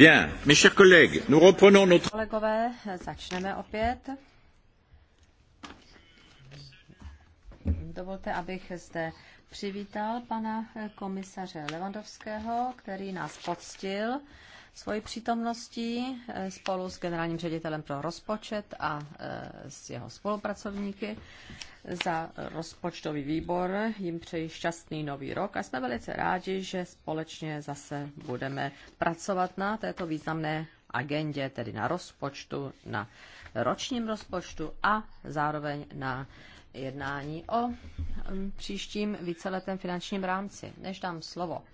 Bien, mes chers collègues, nous reprenons notre... Kolegové, začneme opět. Dovolte, abych zde přivítal pana komisaře Levandovského, který nás poctil svojí přítomností eh, spolu s generálním ředitelem pro rozpočet a eh, s jeho spolupracovníky za rozpočtový výbor. Jim přeji šťastný nový rok a jsme velice rádi, že společně zase budeme pracovat na této významné agendě, tedy na rozpočtu, na ročním rozpočtu a zároveň na jednání o mm, příštím víceletém finančním rámci. Než dám slovo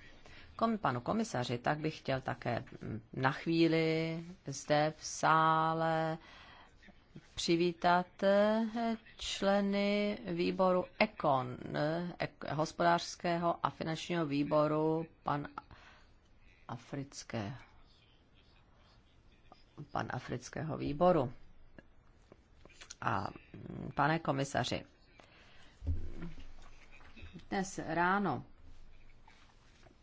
kom, panu komisaři, tak bych chtěl také na chvíli zde v sále přivítat eh, členy výboru ECON, eh, hospodářského a finančního výboru pan afrického, pan afrického výboru. A mm, pane komisaři, dnes ráno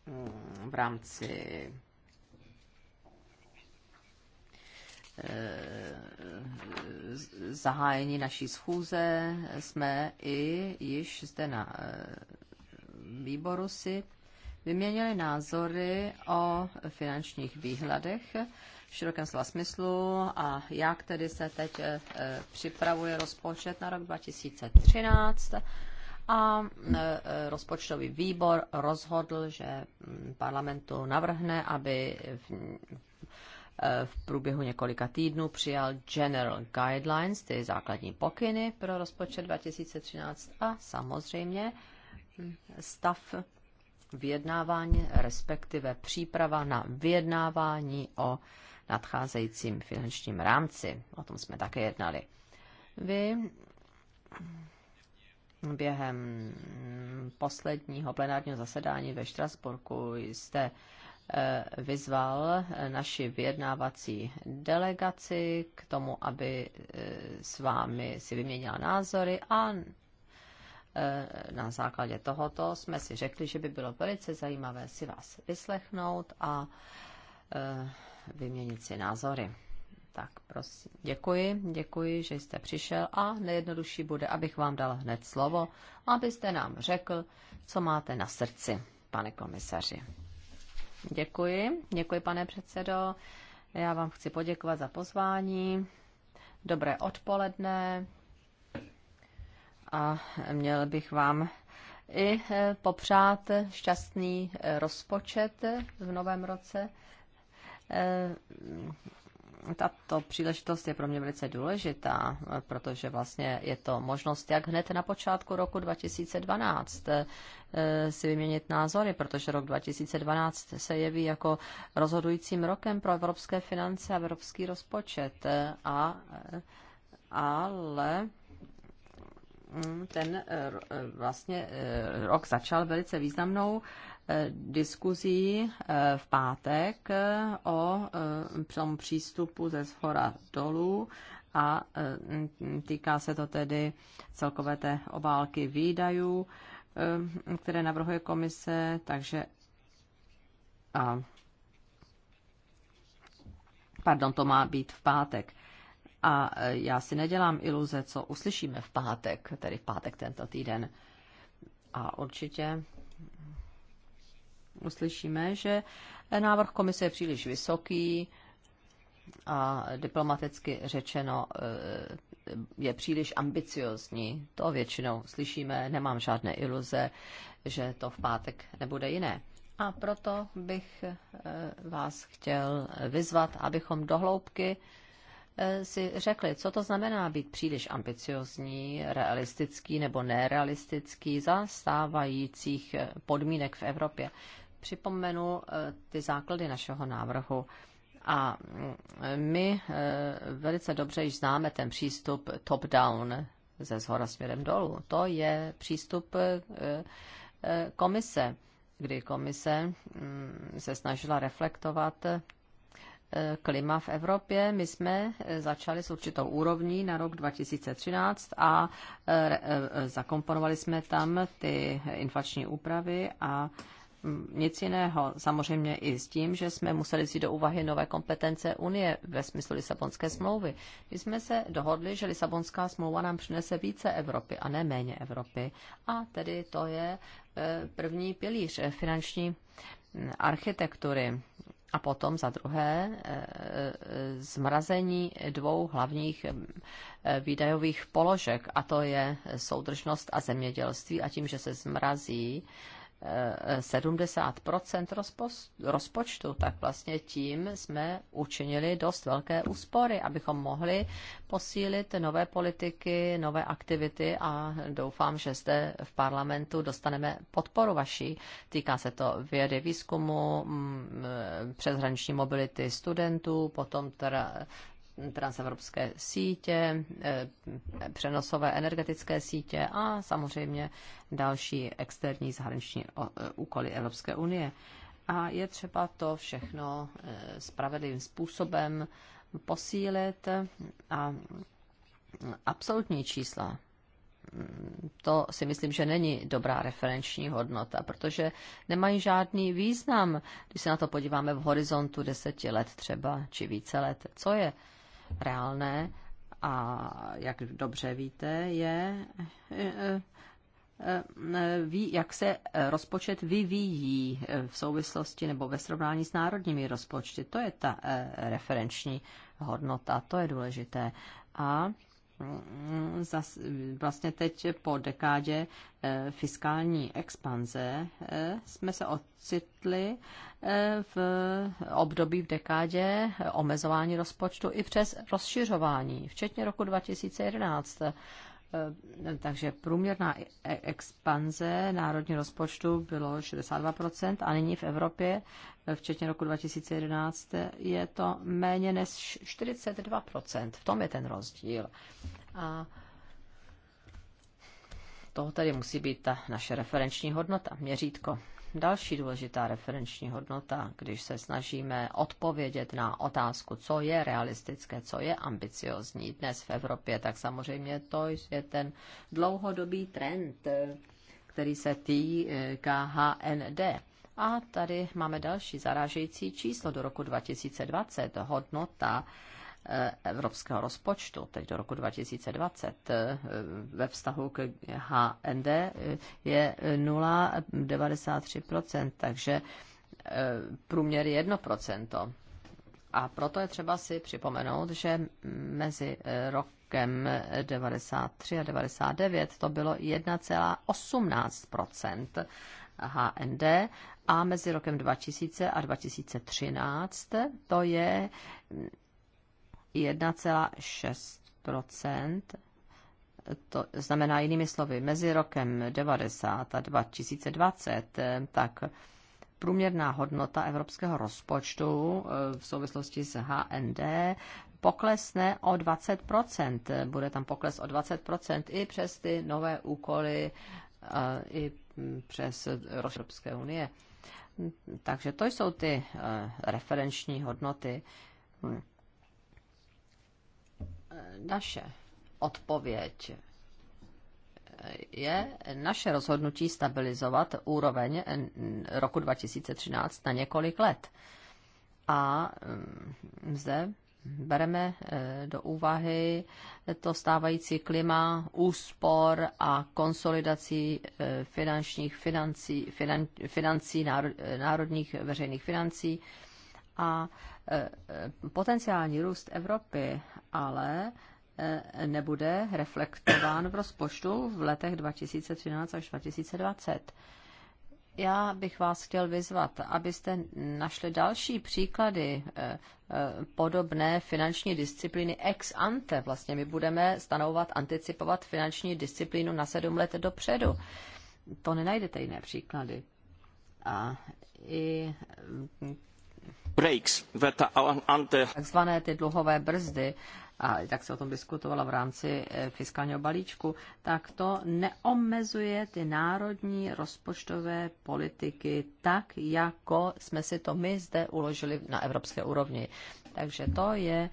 Hmm, v rámci eh, zahájení naší schůze jsme i již zde na eh, výboru si vyměnili názory o finančních výhledech v širokém slova smyslu a jak tedy se teď eh, připravuje rozpočet na rok 2013 a e, e, rozpočtový výbor rozhodl, že mm, parlamentu navrhne, aby v, e, v průběhu několika týdnů přijal General Guidelines, ty základní pokyny pro rozpočet 2013 a samozřejmě mm, stav vyjednávání, respektive příprava na vyjednávání o nadcházejícím finančním rámci. O tom jsme také jednali. Vy během posledního plenárního zasedání ve Štrasburku jste eh, vyzval eh, naši vyjednávací delegaci k tomu, aby eh, s vámi si vyměnila názory a na základě tohoto jsme si řekli, že by bylo velice zajímavé si vás vyslechnout a vyměnit si názory. Tak prosím, děkuji, děkuji, že jste přišel a nejjednodušší bude, abych vám dal hned slovo, abyste nám řekl, co máte na srdci, pane komisaři. Děkuji, děkuji, pane předsedo. Já vám chci poděkovat za pozvání. Dobré odpoledne. A měl bych vám i e, popřát šťastný e, rozpočet v novém roce e, tato příležitost je pro mě velice důležitá, protože vlastně je to možnost, jak hned na počátku roku 2012 eh, si vyměnit názory, protože rok 2012 se jeví jako rozhodujícím rokem pro evropské finance a evropský rozpočet. Eh, a, eh, ale Mm, ten eh, eh, vlastně eh, rok začal velice významnou diskuzí v pátek o tom přístupu ze shora dolů a mm, týká se to tedy celkové té obálky výdajů, které navrhuje komise, takže a, pardon, to má být v pátek. A e, já si nedělám iluze, co uslyšíme v pátek, tedy v pátek tento týden. A určitě uslyšíme, že návrh komise je příliš vysoký a diplomaticky řečeno e, je příliš ambiciozní. To většinou slyšíme, nemám žádné iluze, že to v pátek nebude jiné. A proto bych e, vás chtěl vyzvat, abychom dohloubky hloubky Eh, si řekli, co to znamená být příliš ambiciozní, realistický nebo nerealistický za stávajících eh, podmínek v Evropě. Připomenu eh, ty základy našeho návrhu. A mm, my velice dobře již známe ten přístup top-down, ze zhora směrem dolů. To je přístup komise, kdy komise mm, se snažila reflektovat klima v Evropě. My jsme eh, začali s určitou úrovní na rok 2013 a eh, eh, zakomponovali jsme tam ty inflační úpravy a mm, nic jiného. Samozřejmě i s tím, že jsme museli si do úvahy nové kompetence Unie ve smyslu Lisabonské smlouvy. My jsme se dohodli, že Lisabonská smlouva nám přinese více Evropy a ne méně Evropy. A tedy to je první pilíř finanční mm, architektury a potom za druhé e, e, zmrazení dvou hlavních e, výdajových položek, a to je soudržnost a zemědělství. A tím, že se zmrazí 70 rozpočtu, tak vlastně tím jsme učinili dost velké úspory, abychom mohli posílit nové politiky, nové aktivity a doufám, že zde v parlamentu dostaneme podporu vaší. Týká se to vědy, výzkumu, přeshraniční mobility studentů, potom teda transevropské sítě, eh, přenosové energetické sítě a samozřejmě další externí zahraniční eh, úkoly Evropské unie. A je třeba to všechno eh, spravedlivým způsobem posílit a absolutní čísla to si myslím, že není dobrá referenční hodnota, protože nemají žádný význam, když se na to podíváme v horizontu deseti let třeba, či více let. Co je reálné a jak dobře víte, je eh, eh, eh, ví, jak se rozpočet vyvíjí v souvislosti nebo ve srovnání s národními rozpočty. To je ta referenční hodnota, to je důležité. A zas, vlastně teď po dekádě eh, fiskální expanze eh, jsme se ocitli eh, v období v dekádě omezování rozpočtu i přes rozšiřování, včetně roku 2011. Eh, takže průměrná e- e- expanze národního rozpočtu bylo 62% a nyní v Evropě, eh, včetně roku 2011, je to méně než 42%. V tom je ten rozdíl. A toho tedy musí být ta naše referenční hodnota, měřítko další důležitá referenční hodnota, když se snažíme odpovědět na otázku, co je realistické, co je ambiciozní dnes v Evropě, tak samozřejmě to je ten dlouhodobý trend, který se týká HND. A tady máme další zarážející číslo do roku 2020. Hodnota evropského rozpočtu, teď do roku 2020, eh, ve vztahu k HND eh, je 0,93%, takže eh, průměr je 1%. A proto je třeba si připomenout, že mezi rokem 93 a 99 to bylo 1,18 HND a mezi rokem 2000 a 2013 to je 1,6 to znamená jinými slovy, mezi rokem 90 a 2020, eh, tak průměrná hodnota evropského rozpočtu eh, v souvislosti s HND poklesne o 20%. Bude tam pokles o 20% i přes ty nové úkoly, eh, i hm, přes Evropské unie. Hm, takže to jsou ty referenční hodnoty. Hm naše odpověď je naše rozhodnutí stabilizovat úroveň roku 2013 na několik let. A mm, zde bereme eh, do úvahy to stávající klima úspor a konsolidací eh, finančních financí, finan, financí eh, národních veřejných financí a potenciální růst Evropy ale eh, nebude reflektován v rozpočtu v letech 2013 až 2020. Já bych vás chtěl vyzvat, abyste našli další příklady eh, eh, podobné finanční disciplíny ex ante. Vlastně my budeme stanovat, anticipovat finanční disciplínu na sedm let dopředu. To nenajdete jiné příklady. A i mm, breaks, that ante... takzvané ty dluhové brzdy a tak se o tom diskutovalo v rámci e, fiskálního balíčku, tak to neomezuje ty národní rozpočtové politiky tak, jako jsme si to my zde uložili na evropské úrovni. Takže to je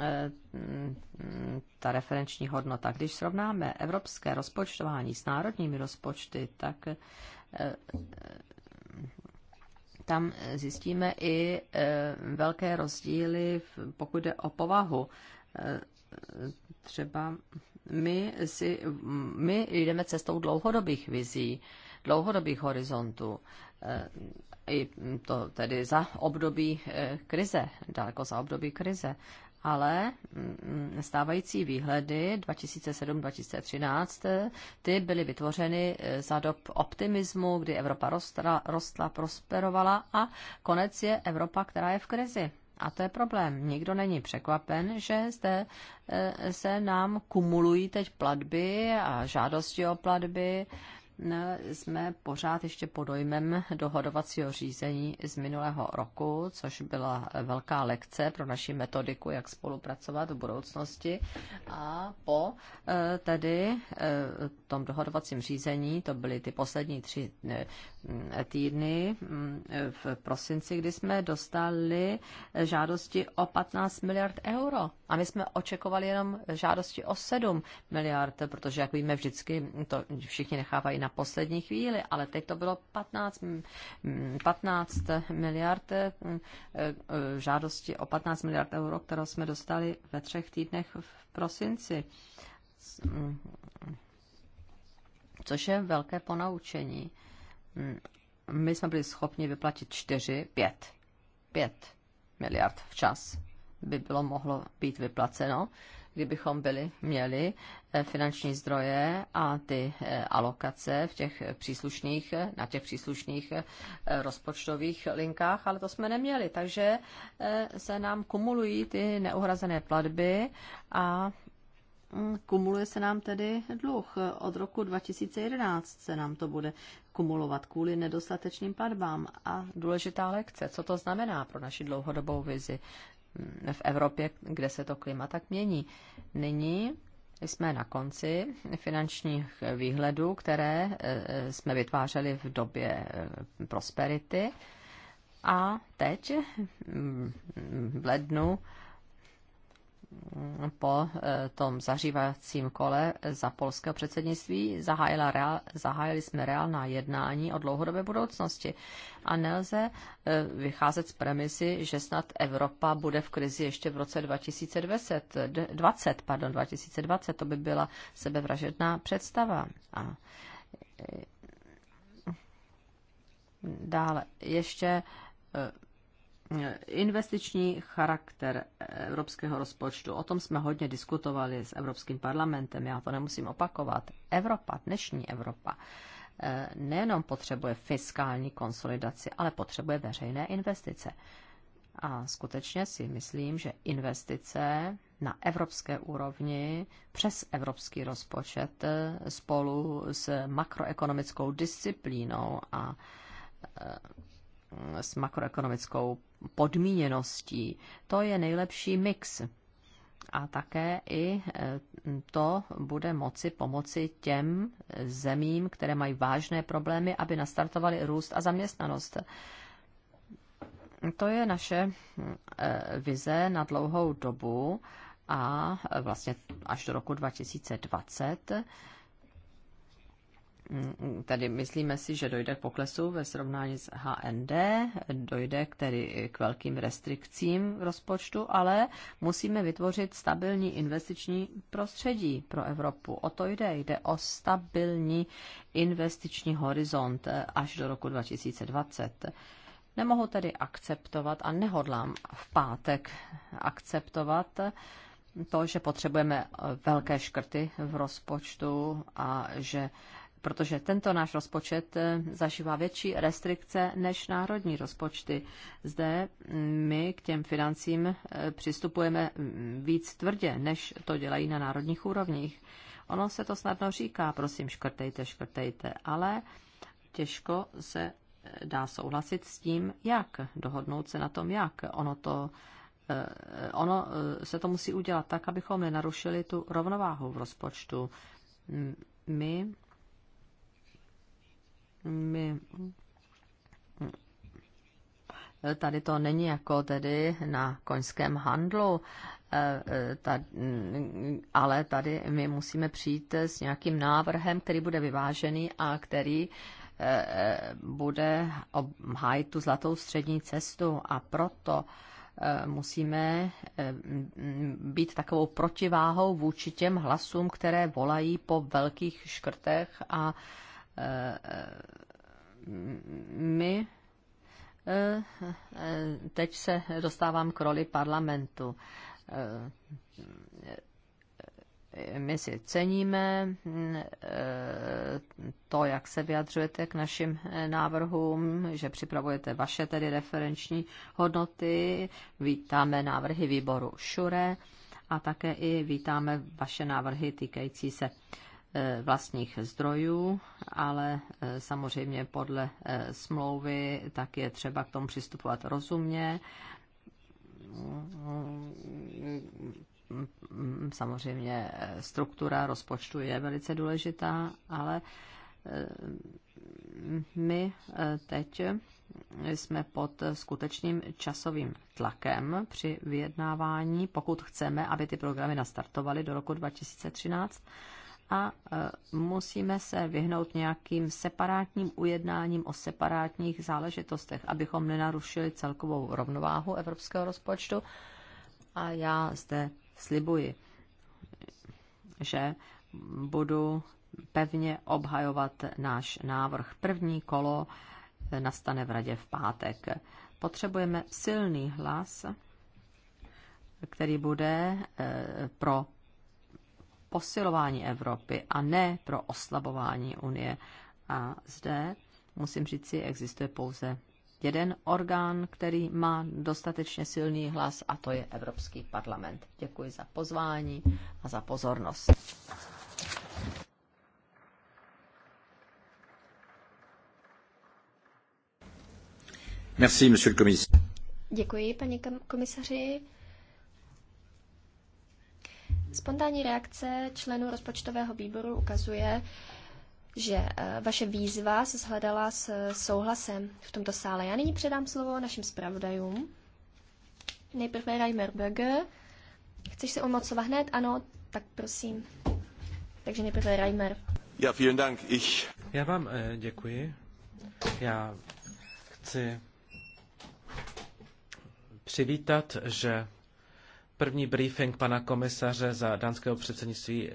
e, ta referenční hodnota. Když srovnáme evropské rozpočtování s národními rozpočty, tak e, tam zjistíme i e, velké rozdíly, pokud jde o povahu. E, třeba my, si, my jdeme cestou dlouhodobých vizí, dlouhodobých horizontů. E, I to tedy za období krize, daleko za období krize ale mm, mm, stávající výhledy 2007-2013, ty byly vytvořeny e, za dob optimismu, kdy Evropa rostla, rostla, prosperovala a konec je Evropa, která je v krizi. A to je problém. Nikdo není překvapen, že zde e, se nám kumulují teď platby a žádosti o platby jsme pořád ještě pod dojmem dohodovacího řízení z minulého roku, což byla velká lekce pro naši metodiku, jak spolupracovat v budoucnosti. A po eh, tedy eh, tom dohodovacím řízení, to byly ty poslední tři eh, týdny mm, v prosinci, kdy jsme dostali žádosti o 15 miliard euro a my jsme očekovali jenom žádosti o 7 miliard, protože, jak víme, vždycky to všichni nechávají na poslední chvíli, ale teď to bylo 15, 15 miliard e, žádosti o 15 miliard euro, kterou jsme dostali ve třech týdnech v prosinci což je velké ponaučení. My jsme byli schopni vyplatit 4, 5, 5 miliard včas by bylo mohlo být vyplaceno, kdybychom byli, měli eh, finanční zdroje a ty eh, alokace v těch příslušných, eh, na těch příslušných rozpočtových linkách, ale to jsme neměli, takže se nám kumulují ty neuhrazené platby a mm, kumuluje se nám tedy dluh. Od roku 2011 se nám to bude kumulovat kvůli nedostatečným platbám. A důležitá lekce, co to znamená pro naši dlouhodobou vizi? v Evropě, kde se to klima tak mění. Nyní jsme na konci finančních výhledů, které eh, jsme vytvářeli v době eh, prosperity. A teď mm, v lednu po eh, tom zařívacím kole za polského předsednictví zahájila reál, zahájili jsme reálná jednání o dlouhodobé budoucnosti. A nelze eh, vycházet z premisy, že snad Evropa bude v krizi ještě v roce 2020, 20, pardon, 2020. To by byla sebevražedná představa. A eh, dále ještě investiční charakter evropského rozpočtu. O tom jsme hodně diskutovali s Evropským parlamentem, já to nemusím opakovat. Evropa, dnešní Evropa, eh, nejenom potřebuje fiskální konsolidaci, ale potřebuje veřejné investice. A skutečně si myslím, že investice na evropské úrovni přes evropský rozpočet eh, spolu s makroekonomickou disciplínou a eh, s makroekonomickou podmíněností. To je nejlepší mix. A také i e, to bude moci pomoci těm zemím, které mají vážné problémy, aby nastartovali růst a zaměstnanost. To je naše e, vize na dlouhou dobu a e, vlastně až do roku 2020 tedy myslíme si, že dojde k poklesu ve srovnání s HND, dojde k, tedy k velkým restrikcím v rozpočtu, ale musíme vytvořit stabilní investiční prostředí pro Evropu. O to jde. Jde o stabilní investiční horizont až do roku 2020. Nemohu tedy akceptovat a nehodlám v pátek akceptovat to, že potřebujeme velké škrty v rozpočtu a že protože tento náš rozpočet eh, zažívá větší restrikce než národní rozpočty. Zde mm, my k těm financím eh, přistupujeme mm, víc tvrdě, než to dělají na národních úrovních. Ono se to snadno říká, prosím, škrtejte, škrtejte, ale těžko se eh, dá souhlasit s tím, jak, dohodnout se na tom, jak. Ono to ono se to musí udělat tak, abychom nenarušili tu rovnováhu v rozpočtu. My my eh, tady to není jako tedy na koňském handlu, eh, eh, mm, ale tady my musíme přijít s nějakým návrhem, který bude vyvážený a který bude hájit tu zlatou střední cestu a proto musíme mm, být takovou protiváhou vůči těm hlasům, které volají po velkých škrtech a my eh, eh, teď se dostávám k roli parlamentu. Eh, my si ceníme to, jak se vyjadřujete k našim návrhům, že připravujete vaše tedy referenční hodnoty. Vítáme návrhy výboru Šure a také i vítáme vaše návrhy týkající se Eh, vlastních zdrojů, ale eh, samozřejmě podle eh, smlouvy tak je třeba k tomu přistupovat rozumně. Samozřejmě struktura rozpočtu je velice důležitá, ale my teď jsme pod skutečným časovým tlakem při vyjednávání, pokud chceme, aby ty programy nastartovaly do roku 2013 a e, musíme se vyhnout nějakým separátním ujednáním o separátních záležitostech, abychom nenarušili celkovou rovnováhu evropského rozpočtu. A já zde slibuji, že budu pevně obhajovat náš návrh. První kolo e, nastane v radě v pátek. Potřebujeme silný hlas, který bude e, pro posilování Evropy a ne pro oslabování Unie. A zde, musím říct si, existuje pouze jeden orgán, který má dostatečně silný hlas, a to je Evropský parlament. Děkuji za pozvání a za pozornost. Merci, monsieur le commissaire. Děkuji, paní komisaři. Spontánní reakce členů rozpočtového výboru ukazuje, že eh, vaše výzva se shledala s eh, souhlasem v tomto sále. Já nyní předám slovo našim zpravodajům. Nejprve Reimer Böge. Chceš se omocovat hned? Ano, tak prosím. Takže nejprve Reimer. Ja, vielen Dank. Ich... Já vám eh, děkuji. Já chci přivítat, že První briefing pana komisaře za dánského předsednictví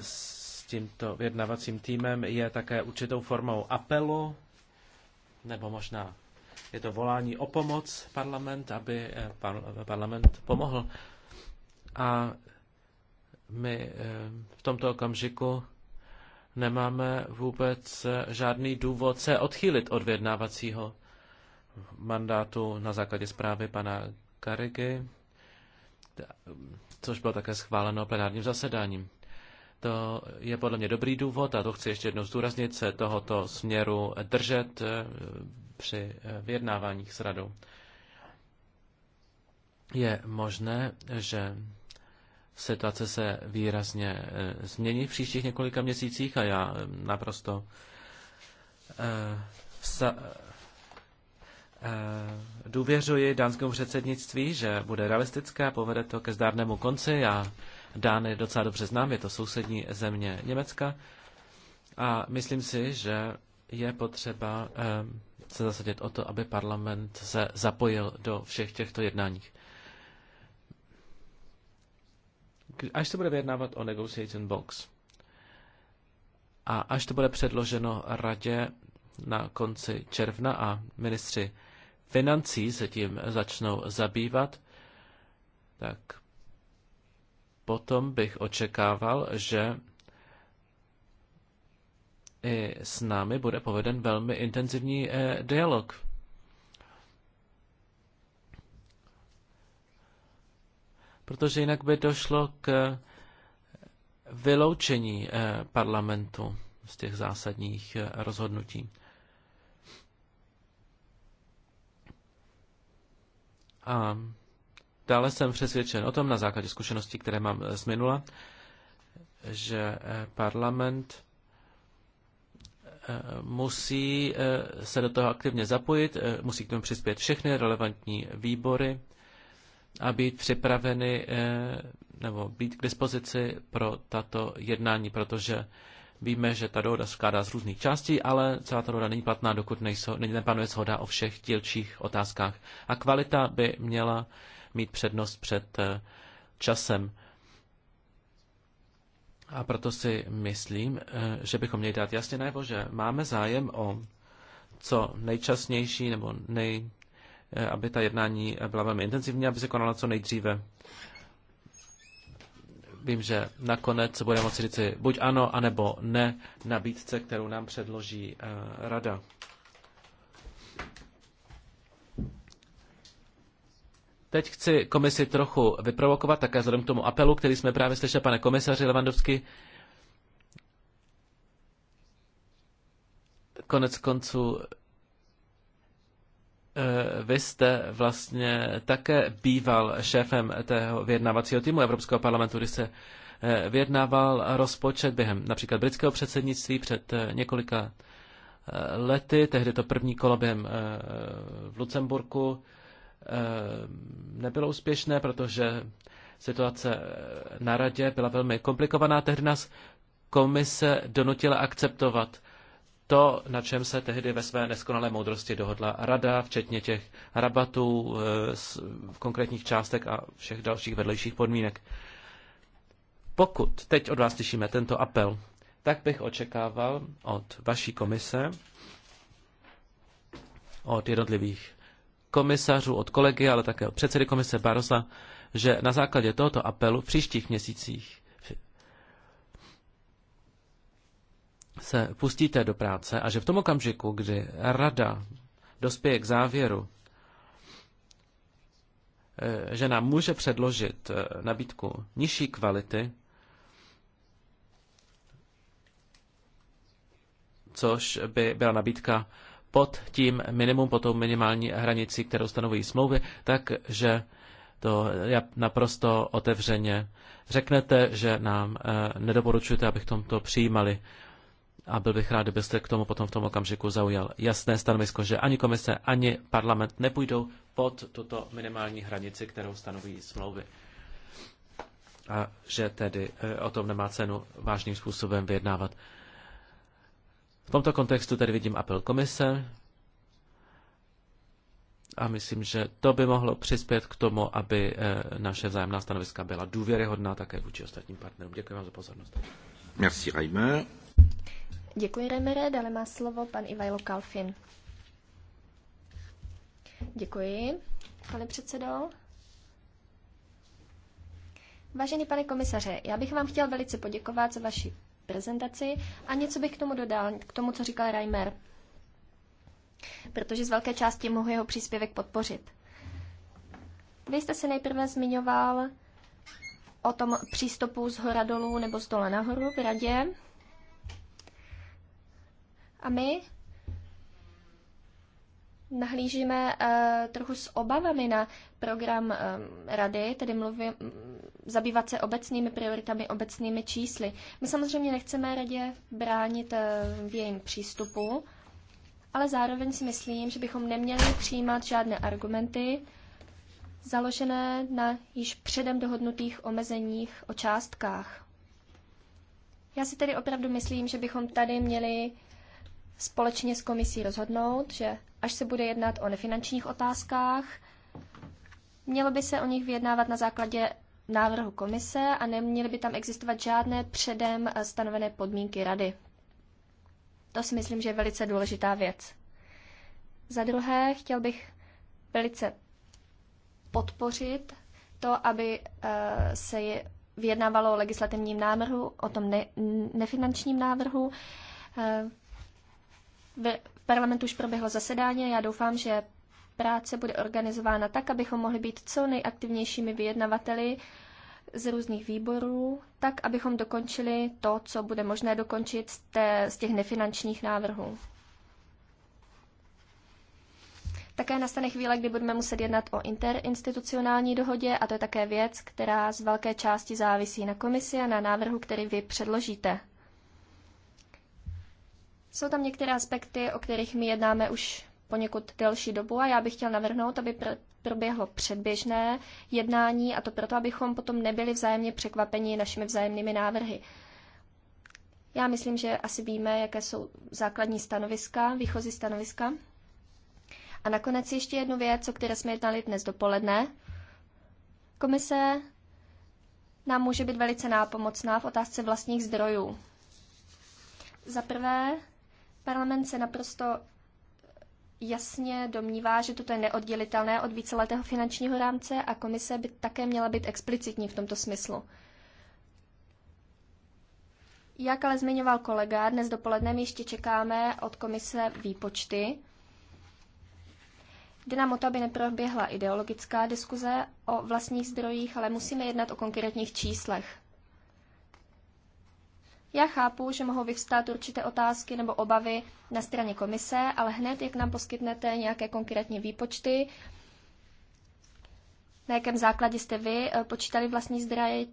s tímto vyjednavacím týmem je také určitou formou apelu, nebo možná je to volání o pomoc parlament, aby eh, parlament pomohl. A my eh, v tomto okamžiku nemáme vůbec eh, žádný důvod se odchýlit od vyjednávacího mandátu na základě zprávy pana Karigy což bylo také schváleno plenárním zasedáním. To je podle mě dobrý důvod a to chci ještě jednou zdůraznit se tohoto směru držet eh, při eh, vyjednáváních s radou. Je možné, že situace se výrazně eh, změní v příštích několika měsících a já naprosto Eh, důvěřuji dánskému předsednictví, že bude realistické a povede to ke zdárnému konci. Já Dány docela dobře znám, je to sousední země Německa. A myslím si, že je potřeba eh, se zasadit o to, aby parlament se zapojil do všech těchto jednání. Až se bude vyjednávat o negotiation box a až to bude předloženo radě na konci června a ministři financí se tím začnou zabývat, tak potom bych očekával, že i s námi bude poveden velmi intenzivní eh, dialog. Protože jinak by došlo k eh, vyloučení eh, parlamentu z těch zásadních rozhodnutí. A dále jsem přesvědčen o tom, na základě zkušeností, které mám eh, z minula, že eh, parlament eh, musí se do toho aktivně zapojit, musí k tomu přispět všechny relevantní výbory a být připraveny nebo být k dispozici pro tato jednání, protože Víme, že ta dohoda skládá z různých částí, ale celá ta dohoda není platná, dokud nejsou, nepanuje shoda o všech dílčích otázkách. A kvalita by měla mít přednost před eh, časem. A proto si myslím, eh, že bychom měli dát jasně najevo, že máme zájem o co nejčasnější nebo nej, eh, aby ta jednání byla velmi intenzivní, aby se konala co nejdříve vím, že nakonec bude moci říci buď ano, anebo ne nabídce, kterou nám předloží eh, rada. Teď chci komisi trochu vyprovokovat, také vzhledem k tomu apelu, který jsme právě slyšeli, pane komisaři Levandovský. Konec konců Eh, vy jste vlastně také býval šéfem tého vyjednávacího týmu Evropského parlamentu, kdy se eh, vyjednával rozpočet během například britského předsednictví před eh, několika lety, tehdy to první kolo během v Lucemburku nebylo úspěšné, protože situace na radě byla velmi komplikovaná. Tehdy nás komise donutila akceptovat to, na čem se tehdy ve své neskonalé moudrosti dohodla rada, včetně těch rabatů eh, v konkrétních částek a všech dalších vedlejších podmínek. Pokud teď od vás slyšíme tento apel, tak bych očekával od vaší komise, od jednotlivých komisařů, od kolegy, ale také od předsedy komise Barosa, že na základě tohoto apelu v příštích měsících se pustíte do práce a že v tom okamžiku, kdy rada dospěje k závěru, eh, že nám může předložit eh, nabídku nižší kvality, což by byla nabídka pod tím minimum, pod tou minimální hranicí, kterou stanovují smlouvy, takže to naprosto otevřeně řeknete, že nám eh, nedoporučujete, abychom to přijímali a byl bych rád, kdybyste k tomu potom v tom okamžiku zaujal jasné stanovisko, že ani komise, ani parlament nepůjdou pod tuto minimální hranici, kterou stanoví smlouvy. A že tedy eh, o tom nemá cenu vážným způsobem vyjednávat. V tomto kontextu tedy vidím apel komise a myslím, že to by mohlo přispět k tomu, aby eh, naše vzájemná stanoviska byla důvěryhodná také vůči ostatním partnerům. Děkuji vám za pozornost. Merci, Reimer. Děkuji, Remere. Dále má slovo pan Ivajlo Kalfin. Děkuji, pane předsedo. Vážený pane komisaře, já bych vám chtěl velice poděkovat za vaši prezentaci a něco bych k tomu dodal, k tomu, co říkal Reimer, protože z velké části mohu jeho příspěvek podpořit. Vy jste se nejprve zmiňoval o tom přístupu z hora dolů nebo z dole nahoru v radě a my nahlížíme uh, trochu s obavami na program um, rady, tedy mluvím, zabývat se obecnými prioritami, obecnými čísly. My samozřejmě nechceme radě bránit uh, v jejím přístupu, ale zároveň si myslím, že bychom neměli přijímat žádné argumenty založené na již předem dohodnutých omezeních o částkách. Já si tedy opravdu myslím, že bychom tady měli společně s komisí rozhodnout, že až se bude jednat o nefinančních otázkách, mělo by se o nich vyjednávat na základě návrhu komise a neměly by tam existovat žádné předem eh, stanovené podmínky rady. To si myslím, že je velice důležitá věc. Za druhé, chtěl bych velice podpořit to, aby eh, se je vyjednávalo o legislativním návrhu, o tom ne, nefinančním návrhu. Eh, v parlamentu už proběhlo zasedání a já doufám, že práce bude organizována tak, abychom mohli být co nejaktivnějšími vyjednavateli z různých výborů, tak, abychom dokončili to, co bude možné dokončit z, těch nefinančních návrhů. Také nastane chvíle, kdy budeme muset jednat o interinstitucionální dohodě a to je také věc, která z velké části závisí na komisi a na návrhu, který vy předložíte. Jsou tam některé aspekty, o kterých my jednáme už poněkud delší dobu a já bych chtěl navrhnout, aby pr- proběhlo předběžné jednání a to proto, abychom potom nebyli vzájemně překvapeni našimi vzájemnými návrhy. Já myslím, že asi víme, jaké jsou základní stanoviska, výchozí stanoviska. A nakonec ještě jednu věc, o které jsme jednali dnes dopoledne. Komise nám může být velice nápomocná v otázce vlastních zdrojů. Za prvé, Parlament se naprosto jasně domnívá, že toto je neoddělitelné od víceletého finančního rámce a komise by také měla být explicitní v tomto smyslu. Jak ale zmiňoval kolega, dnes dopoledne ještě čekáme od komise výpočty. Jde nám o to, aby neproběhla ideologická diskuze o vlastních zdrojích, ale musíme jednat o konkrétních číslech. Já chápu, že mohou vyvstát určité otázky nebo obavy na straně komise, ale hned, jak nám poskytnete nějaké konkrétní výpočty, na jakém základě jste vy eh, počítali vlastní zdraje,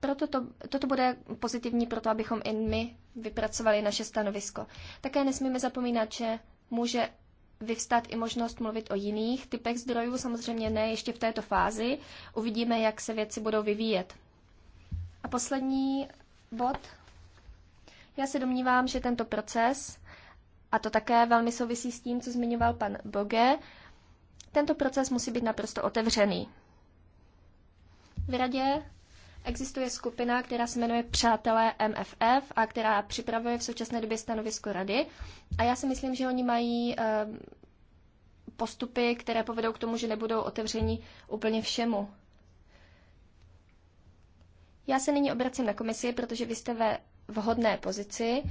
proto to, toto bude pozitivní proto, abychom i my vypracovali naše stanovisko. Také nesmíme zapomínat, že může vyvstat i možnost mluvit o jiných typech zdrojů, samozřejmě ne ještě v této fázi. Uvidíme, jak se věci budou vyvíjet. A poslední bod já se domnívám, že tento proces, a to také velmi souvisí s tím, co zmiňoval pan Boge, tento proces musí být naprosto otevřený. V radě existuje skupina, která se jmenuje Přátelé MFF a která připravuje v současné době stanovisko rady. A já si myslím, že oni mají eh, postupy, které povedou k tomu, že nebudou otevřeni úplně všemu. Já se nyní obracím na komisi, protože vy jste ve vhodné pozici.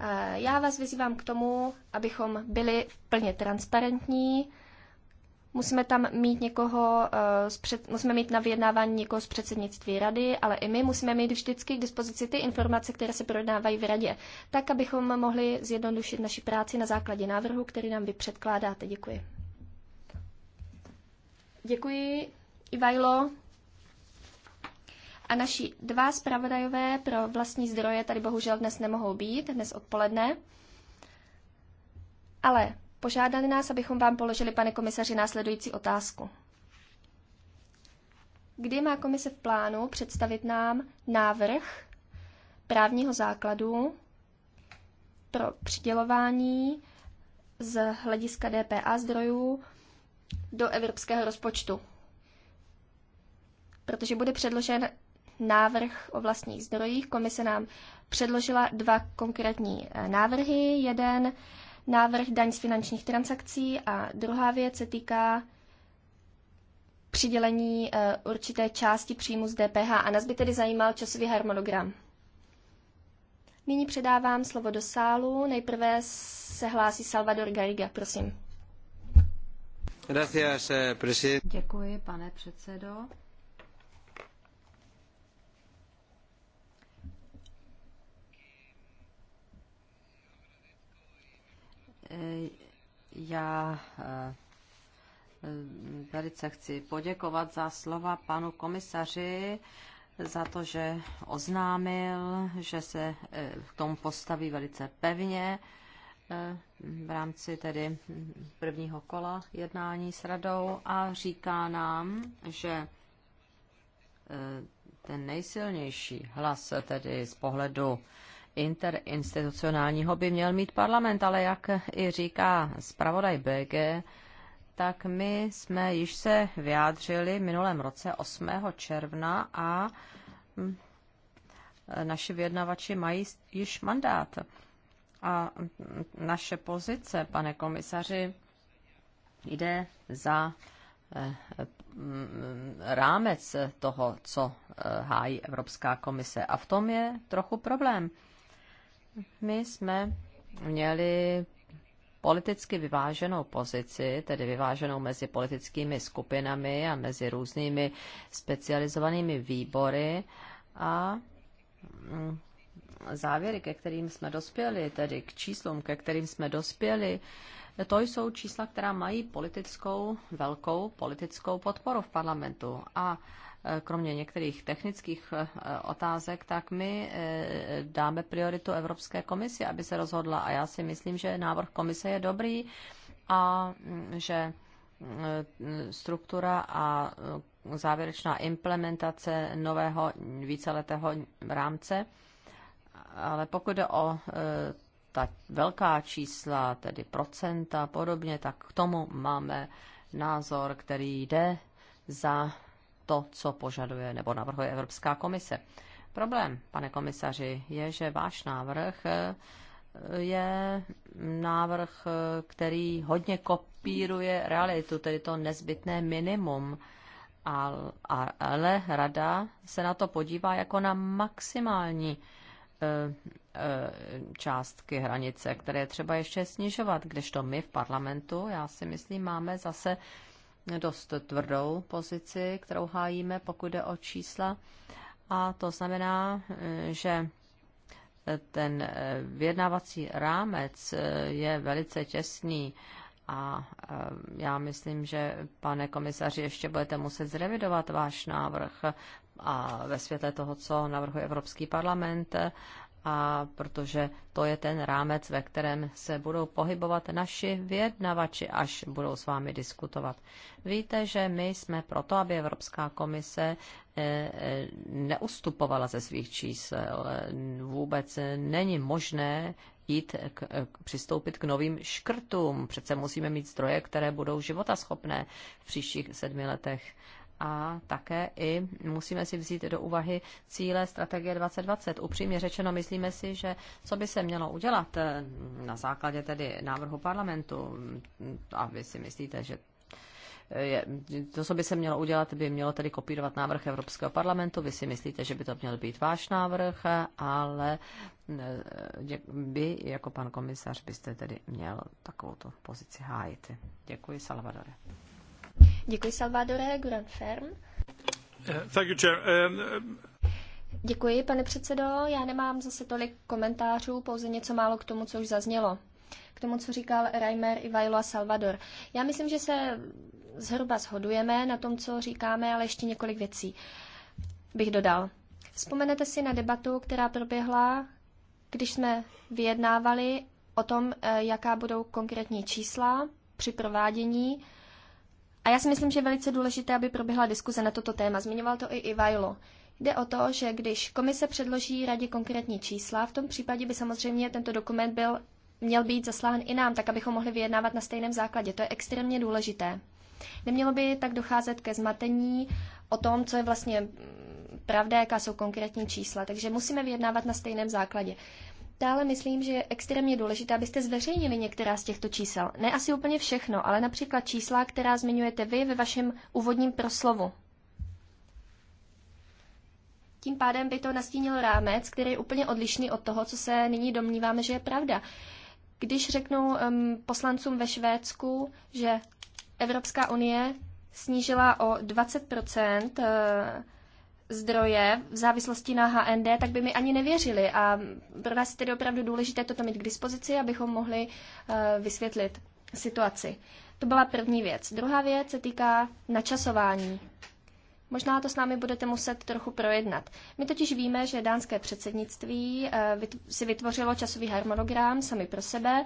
Eh, já vás vyzývám k tomu, abychom byli plně transparentní. Musíme tam mít někoho, eh, musíme mít na vyjednávání někoho z předsednictví rady, ale i my musíme mít vždycky k dispozici ty informace, které se projednávají v radě, tak, abychom mohli zjednodušit naši práci na základě návrhu, který nám vy předkládáte. Děkuji. Děkuji, Ivajlo. A naši dva zpravodajové pro vlastní zdroje tady bohužel dnes nemohou být, dnes odpoledne. Ale požádali nás, abychom vám položili, pane komisaři, následující otázku. Kdy má komise v plánu představit nám návrh právního základu pro přidělování z hlediska DPA zdrojů do evropského rozpočtu? Protože bude předložen návrh o vlastních zdrojích. Komise nám předložila dva konkrétní eh, návrhy. Jeden návrh daň z finančních transakcí a druhá věc se týká přidělení eh, určité části příjmu z DPH. A nás by tedy zajímal časový harmonogram. Nyní předávám slovo do sálu. Nejprve se hlásí Salvador Garriga, prosím. Eh, Děkuji, pane předsedo. Já eh, velice chci poděkovat za slova panu komisaři, za to, že oznámil, že se eh, k tomu postaví velice pevně eh, v rámci tedy prvního kola jednání s radou a říká nám, že ten nejsilnější hlas tedy z pohledu interinstitucionálního by měl mít parlament, ale jak i říká zpravodaj BG, tak my jsme již se vyjádřili minulém roce 8. června a hm, naši vyjednavači mají již mandát. A hm, naše pozice, pane komisaři, jde za eh, hm, rámec toho, co eh, hájí Evropská komise. A v tom je trochu problém. My jsme měli politicky vyváženou pozici, tedy vyváženou mezi politickými skupinami a mezi různými specializovanými výbory a mm, závěry, ke kterým jsme dospěli, tedy k číslům, ke kterým jsme dospěli, to jsou čísla, která mají politickou, velkou politickou podporu v parlamentu. A kromě některých technických eh, otázek, tak my eh, dáme prioritu Evropské komisi, aby se rozhodla. A já si myslím, že návrh komise je dobrý a mm, že mm, struktura a mm, závěrečná implementace nového víceletého rámce. Ale pokud jde o eh, ta velká čísla, tedy procenta a podobně, tak k tomu máme názor, který jde za to, co požaduje nebo navrhuje Evropská komise. Problém, pane komisaři, je, že váš návrh eh, je návrh, eh, který hodně kopíruje realitu, tedy to nezbytné minimum. Ale rada se na to podívá jako na maximální eh, částky hranice, které třeba ještě snižovat, kdežto my v parlamentu, já si myslím, máme zase dost tvrdou pozici, kterou hájíme, pokud jde o čísla. A to znamená, že ten vyjednávací rámec je velice těsný a eh, já myslím, že, pane komisaři, ještě budete muset zrevidovat váš návrh a ve světle toho, co navrhuje Evropský parlament a protože to je ten rámec, ve kterém se budou pohybovat naši vyjednavači, až budou s vámi diskutovat. Víte, že my jsme proto, aby Evropská komise eh, eh, neustupovala ze svých čísel. Vůbec není možné jít k, k, přistoupit k novým škrtům. Přece musíme mít zdroje, které budou životaschopné v příštích sedmi letech a také i musíme si vzít do úvahy cíle strategie 2020. Upřímně řečeno, myslíme si, že co by se mělo udělat eh, na základě tedy návrhu parlamentu, a vy si myslíte, že eh, je, to, co by se mělo udělat, by mělo tedy kopírovat návrh Evropského parlamentu. Vy si myslíte, že by to měl být váš návrh, ale eh, vy jako pan komisař byste tedy měl takovouto pozici hájit. Děkuji, Salvadore. Děkuji, Salvadore. Guran Ferm. Eh, thank you, chair. Děkuji, pane předsedo. Já nemám zase tolik komentářů, pouze něco málo k tomu, co už zaznělo. K tomu, co říkal Reimer, Ivailo a Salvador. Já myslím, že se zhruba shodujeme na tom, co říkáme, ale ještě několik věcí bych dodal. Vzpomenete si na debatu, která proběhla, když jsme vyjednávali o tom, eh, jaká budou konkrétní čísla při provádění a já si myslím, že je velice důležité, aby proběhla diskuze na toto téma. Zmiňoval to i Ivajlo. Jde o to, že když komise předloží radě konkrétní čísla, v tom případě by samozřejmě tento dokument byl, měl být zaslán i nám, tak abychom mohli vyjednávat na stejném základě. To je extrémně důležité. Nemělo by tak docházet ke zmatení o tom, co je vlastně mm, pravda, jaká jsou konkrétní čísla. Takže musíme vyjednávat na stejném základě. Dále myslím, že je extrémně důležité, abyste zveřejnili některá z těchto čísel. Ne asi úplně všechno, ale například čísla, která zmiňujete vy ve vašem úvodním proslovu. Tím pádem by to nastínil rámec, který je úplně odlišný od toho, co se nyní domníváme, že je pravda. Když řeknu um, poslancům ve Švédsku, že Evropská unie snížila o 20 zdroje v závislosti na HND, tak by mi ani nevěřili. A pro nás je tedy opravdu důležité toto mít k dispozici, abychom mohli eh, vysvětlit situaci. To byla první věc. Druhá věc se týká načasování. Možná to s námi budete muset trochu projednat. My totiž víme, že dánské předsednictví eh, si vytvořilo časový harmonogram sami pro sebe,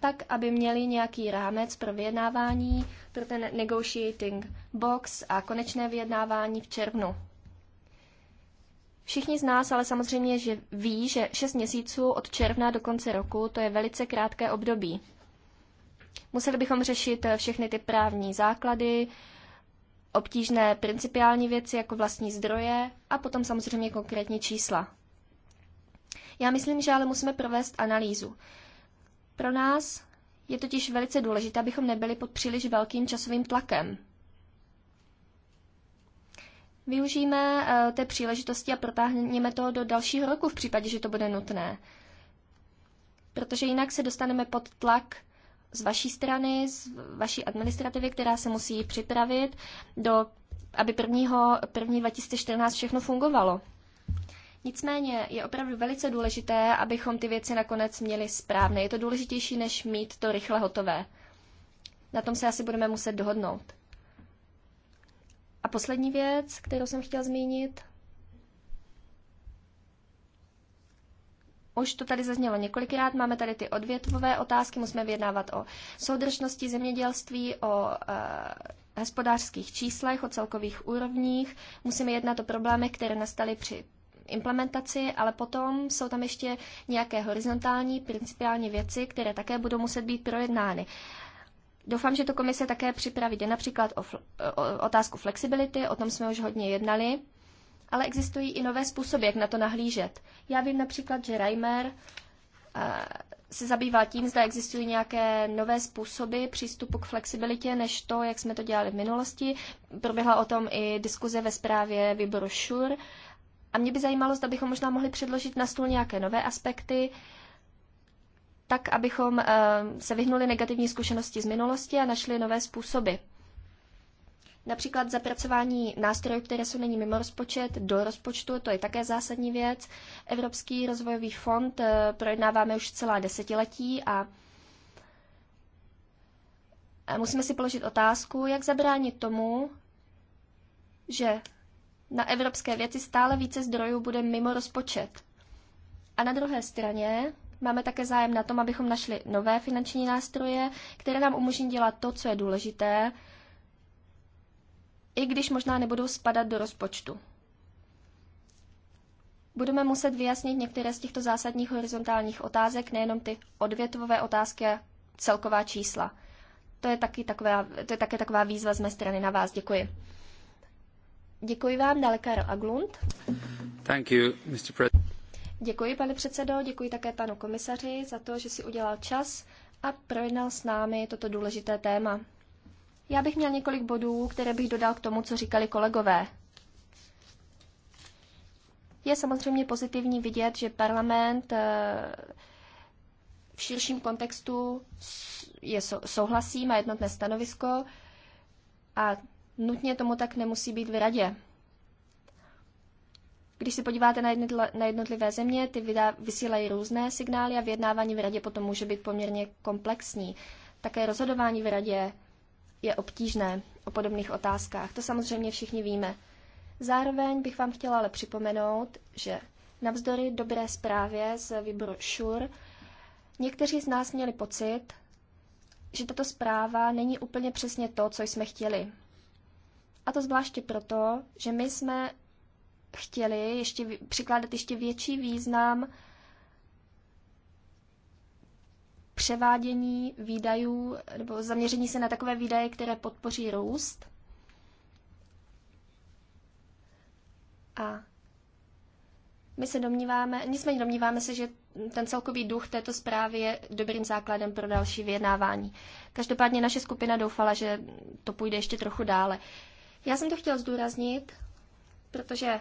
tak, aby měli nějaký rámec pro vyjednávání, pro ten negotiating box a konečné vyjednávání v červnu. Všichni z nás ale samozřejmě že ví, že 6 měsíců od června do konce roku to je velice krátké období. Museli bychom řešit eh, všechny ty právní základy, obtížné principiální věci jako vlastní zdroje a potom samozřejmě konkrétní čísla. Já myslím, že ale musíme provést analýzu. Pro nás je totiž velice důležité, abychom nebyli pod příliš velkým časovým tlakem. Využijeme eh, té příležitosti a protáhneme to do dalšího roku v případě, že to bude nutné. Protože jinak se dostaneme pod tlak z vaší strany, z vaší administrativy, která se musí připravit, do, aby prvního první 2014 všechno fungovalo. Nicméně je opravdu velice důležité, abychom ty věci nakonec měli správné. Je to důležitější, než mít to rychle hotové. Na tom se asi budeme muset dohodnout poslední věc, kterou jsem chtěla zmínit. Už to tady zaznělo několikrát, máme tady ty odvětvové otázky, musíme vyjednávat o soudržnosti zemědělství, o e, hospodářských číslech, o celkových úrovních, musíme jednat o problémech, které nastaly při implementaci, ale potom jsou tam ještě nějaké horizontální, principiální věci, které také budou muset být projednány. Doufám, že to komise také připraví. Jde například o, fl- o otázku flexibility, o tom jsme už hodně jednali, ale existují i nové způsoby, jak na to nahlížet. Já vím například, že Reimer eh, se zabývá tím, zda existují nějaké nové způsoby přístupu k flexibilitě, než to, jak jsme to dělali v minulosti. Proběhla o tom i diskuze ve zprávě výboru ŠUR. A mě by zajímalo, zda bychom možná mohli předložit na stůl nějaké nové aspekty, tak abychom eh, se vyhnuli negativní zkušenosti z minulosti a našli nové způsoby. Například zapracování nástrojů, které jsou není mimo rozpočet, do rozpočtu, to je také zásadní věc. Evropský rozvojový fond eh, projednáváme už celá desetiletí a musíme si položit otázku, jak zabránit tomu, že na evropské věci stále více zdrojů bude mimo rozpočet. A na druhé straně Máme také zájem na tom, abychom našli nové finanční nástroje, které nám umožní dělat to, co je důležité, i když možná nebudou spadat do rozpočtu. Budeme muset vyjasnit některé z těchto zásadních horizontálních otázek, nejenom ty odvětvové otázky a celková čísla. To je, taky taková, to je také taková výzva z mé strany na vás. Děkuji. Děkuji vám, dále Karel Aglund. Thank you, Mr. President. Děkuji, pane předsedo, děkuji také panu komisaři za to, že si udělal čas a projednal s námi toto důležité téma. Já bych měl několik bodů, které bych dodal k tomu, co říkali kolegové. Je samozřejmě pozitivní vidět, že parlament eh, v širším kontextu je souhlasí, má jednotné stanovisko a nutně tomu tak nemusí být v radě. Když se podíváte na, jednotl- na jednotlivé země, ty vydá- vysílají různé signály a vyjednávání v radě potom může být poměrně komplexní. Také rozhodování v radě je obtížné o podobných otázkách. To samozřejmě všichni víme. Zároveň bych vám chtěla ale připomenout, že navzdory dobré zprávě z výboru ŠUR, někteří z nás měli pocit, že tato zpráva není úplně přesně to, co jsme chtěli. A to zvláště proto, že my jsme chtěli ještě přikládat ještě větší význam převádění výdajů nebo zaměření se na takové výdaje, které podpoří růst. A my se domníváme, nicméně domníváme se, že ten celkový duch této zprávy je dobrým základem pro další vyjednávání. Každopádně naše skupina doufala, že to půjde ještě trochu dále. Já jsem to chtěla zdůraznit, protože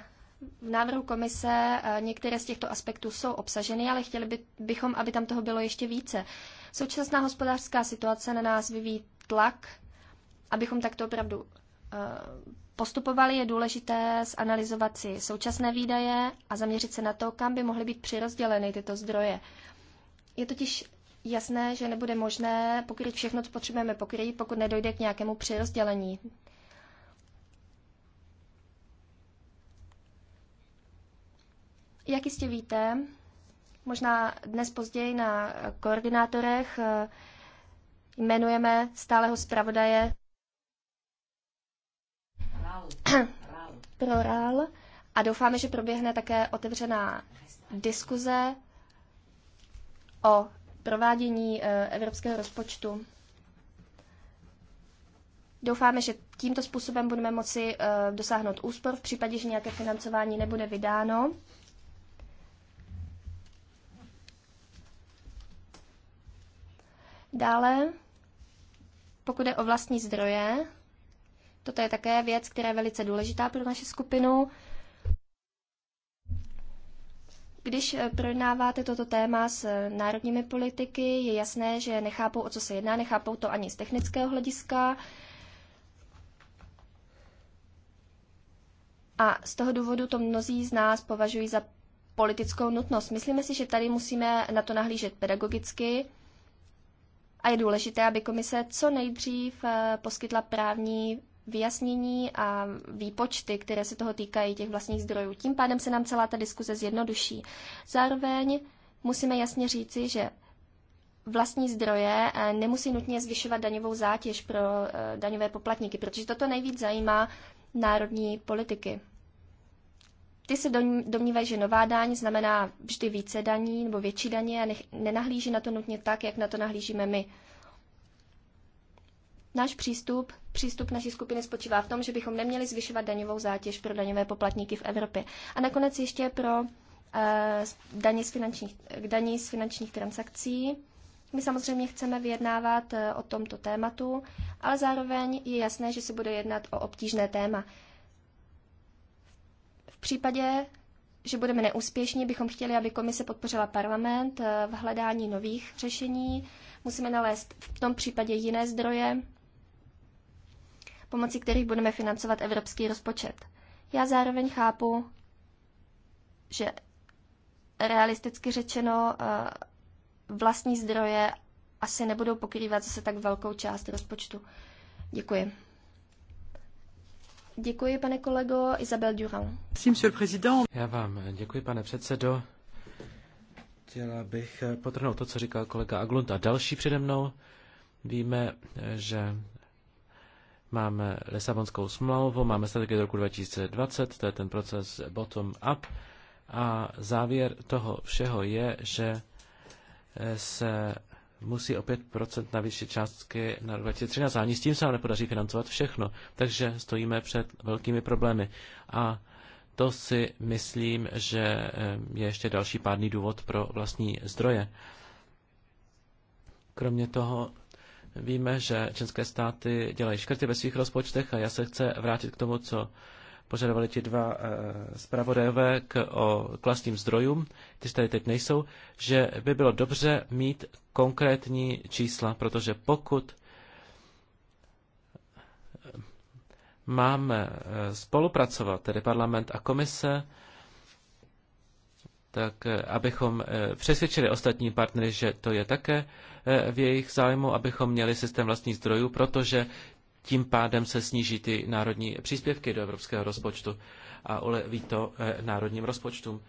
v návrhu komise eh, některé z těchto aspektů jsou obsaženy, ale chtěli bychom, aby tam toho bylo ještě více. Současná hospodářská situace na nás vyvíjí tlak, abychom takto opravdu eh, postupovali. Je důležité zanalizovat si současné výdaje a zaměřit se na to, kam by mohly být přirozděleny tyto zdroje. Je totiž jasné, že nebude možné pokryt všechno, co potřebujeme pokryt, pokud nedojde k nějakému přirozdělení. Jak jistě víte, možná dnes později na koordinátorech eh, jmenujeme stáleho zpravodaje pro RAL a doufáme, že proběhne také otevřená diskuze o provádění eh, evropského rozpočtu. Doufáme, že tímto způsobem budeme moci eh, dosáhnout úspor v případě, že nějaké financování nebude vydáno. Dále, pokud je o vlastní zdroje, toto je také věc, která je velice důležitá pro naši skupinu. Když eh, projednáváte toto téma s eh, národními politiky, je jasné, že nechápou, o co se jedná, nechápou to ani z technického hlediska. A z toho důvodu to mnozí z nás považují za politickou nutnost. Myslíme si, že tady musíme na to nahlížet pedagogicky a je důležité, aby komise co nejdřív eh, poskytla právní vyjasnění a výpočty, které se toho týkají těch vlastních zdrojů. Tím pádem se nám celá ta diskuze zjednoduší. Zároveň musíme jasně říci, že vlastní zdroje eh, nemusí nutně zvyšovat daňovou zátěž pro eh, daňové poplatníky, protože toto nejvíc zajímá národní politiky. Ty se domnívají, že nová daň znamená vždy více daní nebo větší daně a nenahlíží na to nutně tak, jak na to nahlížíme my. Náš přístup, přístup naší skupiny spočívá v tom, že bychom neměli zvyšovat daňovou zátěž pro daňové poplatníky v Evropě. A nakonec ještě pro uh, daně, z finančních, daní z finančních transakcí. My samozřejmě chceme vyjednávat eh, o tomto tématu, ale zároveň je jasné, že se bude jednat o obtížné téma případě, že budeme neúspěšní, bychom chtěli, aby komise podpořila parlament eh, v hledání nových řešení. Musíme nalézt v tom případě jiné zdroje, pomocí kterých budeme financovat evropský rozpočet. Já zároveň chápu, že realisticky řečeno eh, vlastní zdroje asi nebudou pokrývat zase tak velkou část rozpočtu. Děkuji. Děkuji, pane kolego. Isabel Durand. Já vám děkuji, pane předsedo. Chtěla bych potrhnout to, co říkal kolega Aglund a další přede mnou. Víme, že máme Lisabonskou smlouvu, máme strategii do roku 2020, to je ten proces bottom-up a závěr toho všeho je, že se musí o 5% navýšit částky na 2013. Ani s tím se nám nepodaří financovat všechno, takže stojíme před velkými problémy. A to si myslím, že eh, je ještě další pádný důvod pro vlastní zdroje. Kromě toho víme, že české státy dělají škrty ve svých rozpočtech a já se chci vrátit k tomu, co požadovali ti dva eh, zpravodajové k, o, k vlastním zdrojům, ty tady teď nejsou, že by bylo dobře mít konkrétní čísla, protože pokud eh, máme eh, spolupracovat, tedy parlament a komise, tak abychom přesvědčili ostatní partnery, že to je také v jejich zájmu, abychom měli systém vlastních zdrojů, protože tím pádem se sníží ty národní příspěvky do evropského rozpočtu a uleví to eh, národním rozpočtům.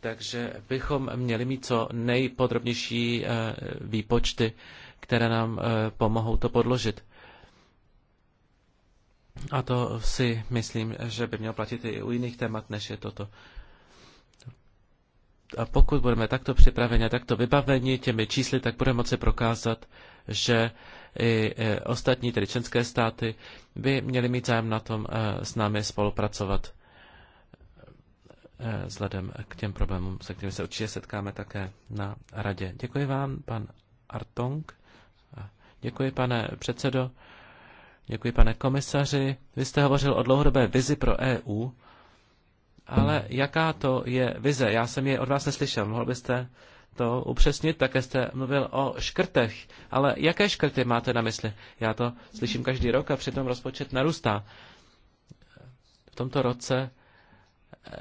Takže bychom měli mít co nejpodrobnější eh, výpočty, které nám eh, pomohou to podložit. A to si myslím, že by mělo platit i u jiných témat, než je toto. A pokud budeme takto připraveni, takto vybaveni těmi čísly, tak budeme moci prokázat, že i e, ostatní, tedy členské státy, by měly mít zájem na tom e, s námi spolupracovat e, vzhledem k těm problémům, se kterými se určitě setkáme také na radě. Děkuji vám, pan Artong. Děkuji, pane předsedo. Děkuji, pane komisaři. Vy jste hovořil o dlouhodobé vizi pro EU, ale jaká to je vize? Já jsem je od vás neslyšel. Mohl byste to upřesnit. Také jste mluvil o škrtech, ale jaké škrty máte na mysli? Já to slyším každý rok a přitom rozpočet narůstá. V tomto roce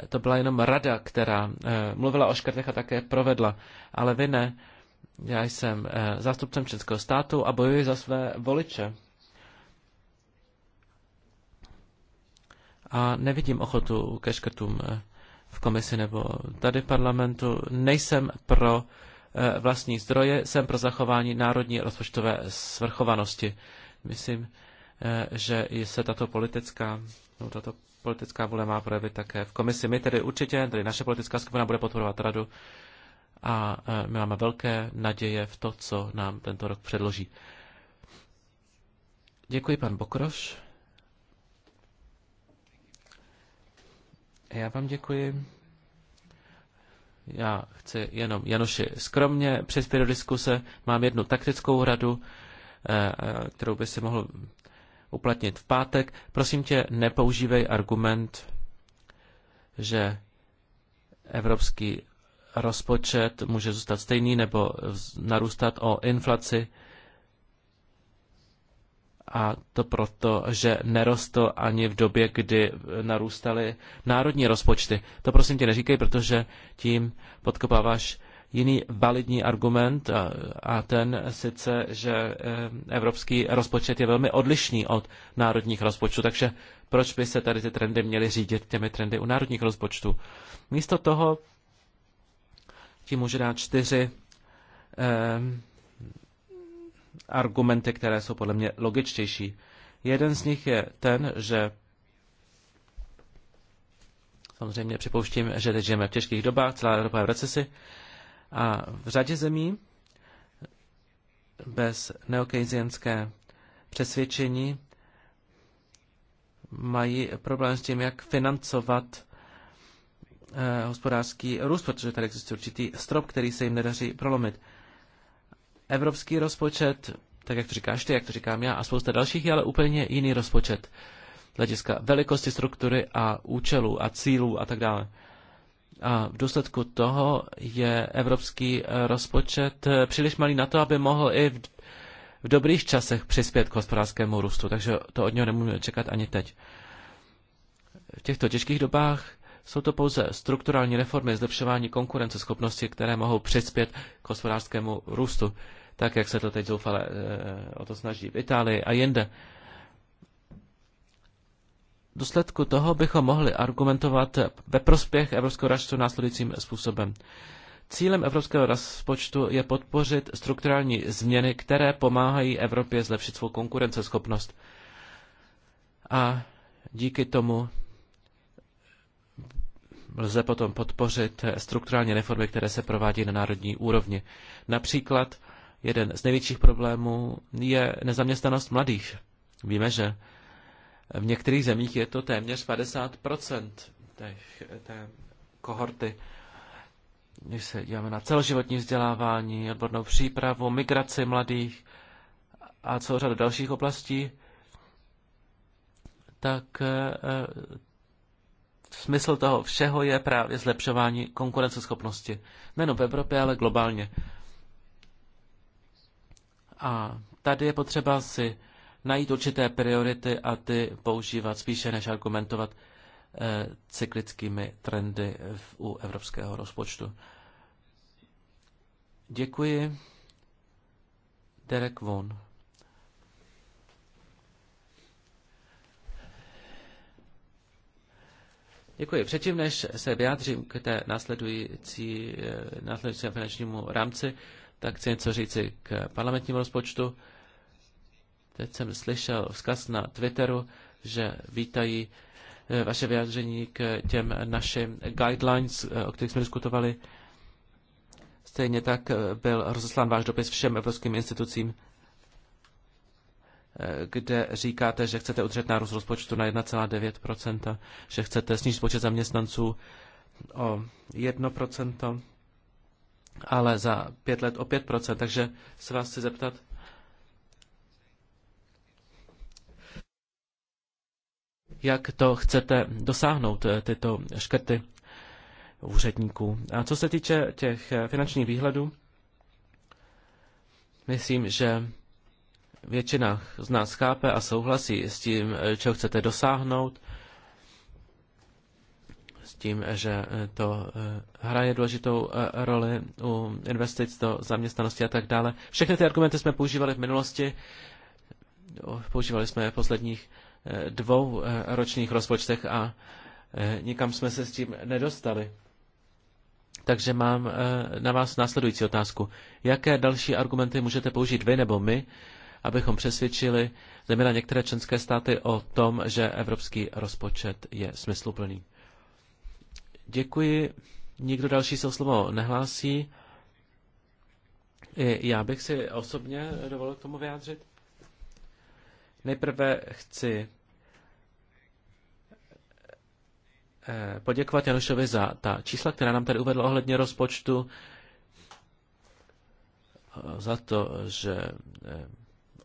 eh, to byla jenom rada, která eh, mluvila o škrtech a také provedla, ale vy ne. Já jsem eh, zástupcem Českého státu a bojuji za své voliče. A nevidím ochotu ke škrtům v komisi nebo tady v parlamentu. Nejsem pro eh, vlastní zdroje, jsem pro zachování národní rozpočtové svrchovanosti. Myslím, eh, že se tato politická, no, tato politická vůle má projevit také v komisi. My tedy určitě, tedy naše politická skupina bude podporovat radu a eh, my máme velké naděje v to, co nám tento rok předloží. Děkuji, pan Bokroš. Já vám děkuji. Já chci jenom Janoši skromně přispět do diskuse. Mám jednu taktickou radu, eh, eh, kterou by si mohl uplatnit v pátek. Prosím tě, nepoužívej argument, že evropský rozpočet může zůstat stejný nebo narůstat o inflaci a to proto, že nerostl ani v době, kdy narůstaly národní rozpočty. To prosím tě neříkej, protože tím podkopáváš jiný validní argument a, a ten sice, že eh, evropský rozpočet je velmi odlišný od národních rozpočtů, takže proč by se tady ty trendy měly řídit těmi trendy u národních rozpočtů? Místo toho ti může dát čtyři eh, argumenty, které jsou podle mě logičtější. Jeden z nich je ten, že samozřejmě připouštím, že žijeme v těžkých dobách, celá Evropa je v recesi a v řadě zemí bez neokejzienské přesvědčení mají problém s tím, jak financovat eh, hospodářský růst, protože tady existuje určitý strop, který se jim nedaří prolomit evropský rozpočet, tak jak to říkáš ty, jak to říkám já a spousta dalších, je ale úplně jiný rozpočet. Hlediska velikosti struktury a účelů a cílů a tak dále. A v důsledku toho je evropský eh, rozpočet eh, příliš malý na to, aby mohl i v, v dobrých časech přispět k hospodářskému růstu, takže to od něho nemůžeme čekat ani teď. V těchto těžkých dobách jsou to pouze strukturální reformy zlepšování konkurenceschopnosti, které mohou přispět k hospodářskému růstu, tak jak se to teď zoufale eh, o to snaží v Itálii a jinde. V důsledku toho bychom mohli argumentovat ve prospěch evropského rozpočtu následujícím způsobem. Cílem evropského rozpočtu je podpořit strukturální změny, které pomáhají Evropě zlepšit svou konkurenceschopnost. A díky tomu lze potom podpořit strukturální reformy, které se provádí na národní úrovni. Například jeden z největších problémů je nezaměstnanost mladých. Víme, že v některých zemích je to téměř 50 té, té kohorty. Když se díváme na celoživotní vzdělávání, odbornou přípravu, migraci mladých a celou řadu dalších oblastí, tak eh, smysl toho všeho je právě zlepšování konkurenceschopnosti. Nejen v Evropě, ale globálně. A tady je potřeba si najít určité priority a ty používat spíše než argumentovat e, cyklickými trendy v, u evropského rozpočtu. Děkuji. Derek Vaughan. Děkuji. Předtím, než se vyjádřím k té následující, eh, následujícímu finančnímu rámci, tak chci něco říci k parlamentnímu rozpočtu. Teď jsem slyšel vzkaz na Twitteru, že vítají eh, vaše vyjádření k těm našim guidelines, eh, o kterých jsme diskutovali. Stejně tak byl rozeslán váš dopis všem evropským institucím kde říkáte, že chcete udržet nárůst rozpočtu na 1,9%, že chcete snížit počet zaměstnanců o 1%, ale za pět let o 5%. Takže se vás chci zeptat, jak to chcete dosáhnout, eh, tyto škrty úředníků. A co se týče těch eh, finančních výhledů, myslím, že většina z nás chápe a souhlasí s tím, čeho chcete dosáhnout, s tím, že to eh, hraje důležitou eh, roli u investic do zaměstnanosti a tak dále. Všechny ty argumenty jsme používali v minulosti, používali jsme v posledních eh, dvou ročních rozpočtech a nikam jsme se s tím nedostali. Takže mám na vás následující otázku. Jaké další argumenty můžete použít vy nebo my, abychom přesvědčili zejména některé členské státy o tom, že evropský rozpočet je smysluplný. Děkuji. Nikdo další se o slovo nehlásí. I já bych si osobně dovolil k tomu vyjádřit. Nejprve chci eh, poděkovat Janušovi za ta čísla, která nám tady uvedla ohledně rozpočtu, eh, za to, že eh,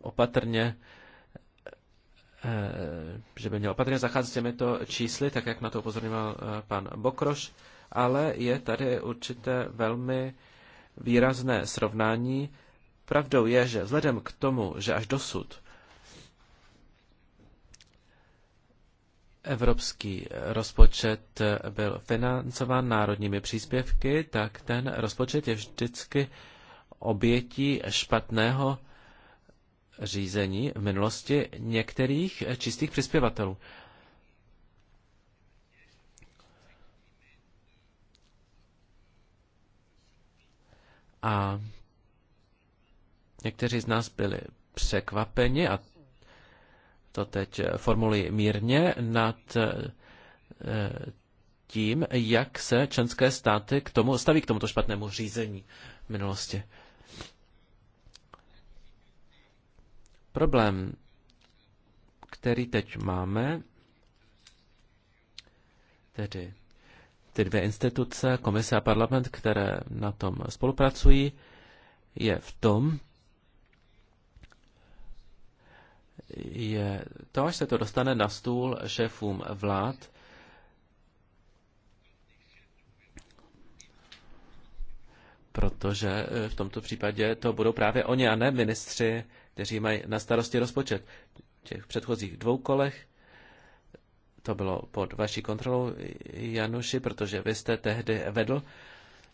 opatrně eh, že by měl opatrně zacházet s těmito čísly, tak jak na to upozorňoval eh, pan Bokroš, ale je tady určité velmi výrazné srovnání. Pravdou je, že vzhledem k tomu, že až dosud evropský rozpočet byl financován národními příspěvky, tak ten rozpočet je vždycky obětí špatného řízení v minulosti některých čistých přispěvatelů. A někteří z nás byli překvapeni, a to teď formuluji mírně, nad eh, tím, jak se členské státy k tomu staví k tomuto špatnému řízení v minulosti. Problém, který teď máme, tedy ty dvě instituce, komise a parlament, které na tom spolupracují, je v tom, je to, až se to dostane na stůl šéfům vlád, protože v tomto případě to budou právě oni a ne ministři kteří mají na starosti rozpočet. V těch předchozích dvou kolech to bylo pod vaší kontrolou, Januši, protože vy jste tehdy vedl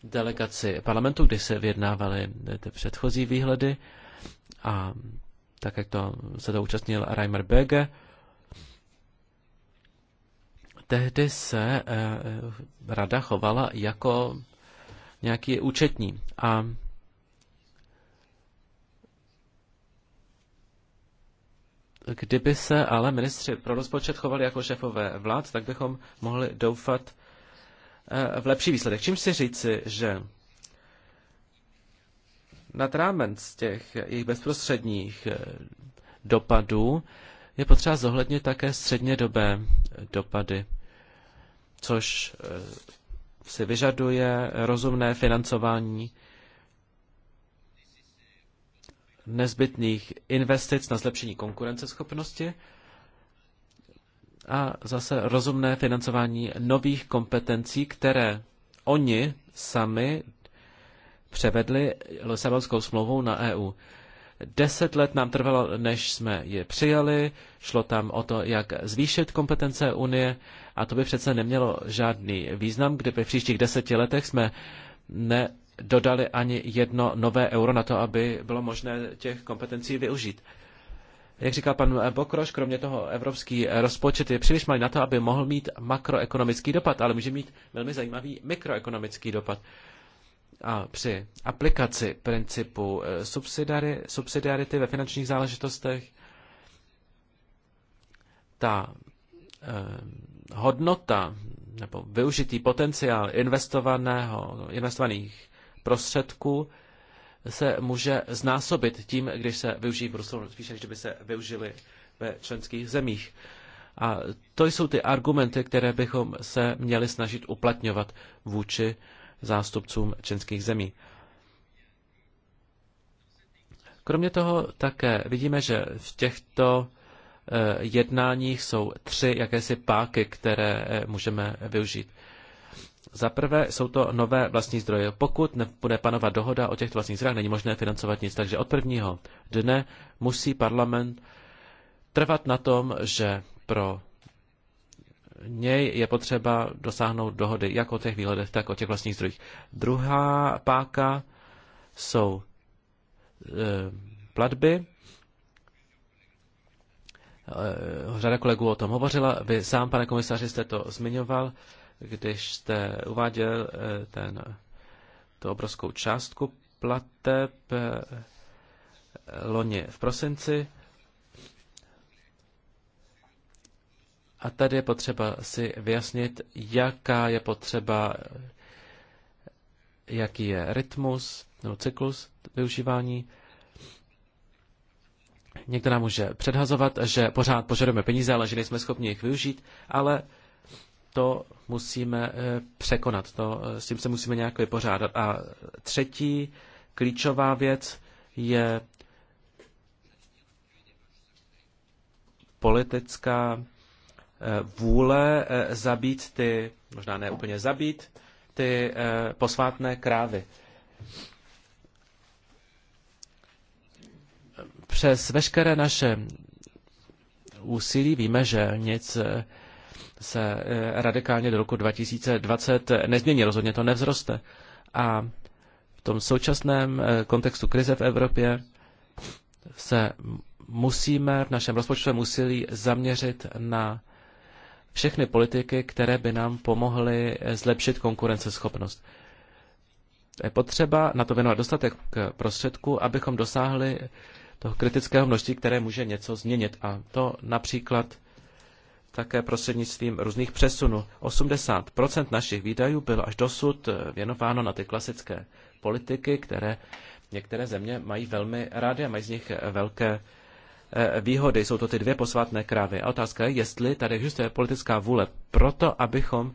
delegaci parlamentu, kdy se vyjednávaly ty předchozí výhledy a tak, jak to se to účastnil Reimer Bege. Tehdy se eh, rada chovala jako nějaký účetní a Kdyby se ale ministři pro rozpočet chovali jako šéfové vlád, tak bychom mohli doufat eh, v lepší výsledek. Čím si říci, že nad rámec těch jejich bezprostředních eh, dopadů je potřeba zohlednit také střednědobé eh, dopady, což si vyžaduje rozumné financování nezbytných investic na zlepšení konkurenceschopnosti a zase rozumné financování nových kompetencí, které oni sami převedli Lisabonskou smlouvou na EU. Deset let nám trvalo, než jsme je přijali, šlo tam o to, jak zvýšit kompetence Unie a to by přece nemělo žádný význam, kdyby v příštích deseti letech jsme ne dodali ani jedno nové euro na to, aby bylo možné těch kompetencí využít. Jak říkal pan Bokroš, kromě toho evropský rozpočet je příliš malý na to, aby mohl mít makroekonomický dopad, ale může mít velmi zajímavý mikroekonomický dopad. A při aplikaci principu eh, subsidiarity ve finančních záležitostech ta eh, hodnota nebo využitý potenciál investovaného, investovaných prostředků se může znásobit tím, když se využijí v Bruselu, spíše než kdyby se využili ve členských zemích. A to jsou ty argumenty, které bychom se měli snažit uplatňovat vůči zástupcům členských zemí. Kromě toho také vidíme, že v těchto eh, jednáních jsou tři jakési páky, které eh, můžeme využít. Za prvé jsou to nové vlastní zdroje. Pokud nebude panovat dohoda o těch vlastních zdrojích, není možné financovat nic. Takže od prvního dne musí parlament trvat na tom, že pro něj je potřeba dosáhnout dohody jak o těch výhledech, tak o těch vlastních zdrojích. Druhá páka jsou e, platby. E, řada kolegů o tom hovořila. Vy sám, pane komisaři, jste to zmiňoval. E, když jste uváděl eh, ten, tu obrovskou částku plateb eh, loni v prosinci. A tady je potřeba si vyjasnit, jaká je potřeba, jaký je rytmus nebo cyklus využívání. Někdo nám může předhazovat, že pořád požadujeme peníze, ale že nejsme schopni jich využít, ale to musíme eh, překonat, to, eh, s tím se musíme nějak vypořádat. A třetí klíčová věc je politická eh, vůle zabít ty, možná ne úplně zabít, ty posvátné krávy. Přes veškeré naše úsilí víme, že nic se eh, radikálně do roku 2020 nezmění, rozhodně to nevzroste. A v tom současném eh, kontextu krize v Evropě se musíme v našem rozpočtovém úsilí zaměřit na všechny politiky, které by nám pomohly eh, zlepšit konkurenceschopnost. Je potřeba na to věnovat dostatek prostředků, abychom dosáhli toho kritického množství, které může něco změnit. A to například také prostřednictvím různých přesunů. 80% našich výdajů bylo až dosud eh, věnováno na ty klasické politiky, které některé země mají velmi rády a mají z nich eh, velké eh, výhody. Jsou to ty dvě posvátné krávy. A otázka je, jestli tady existuje politická vůle proto, abychom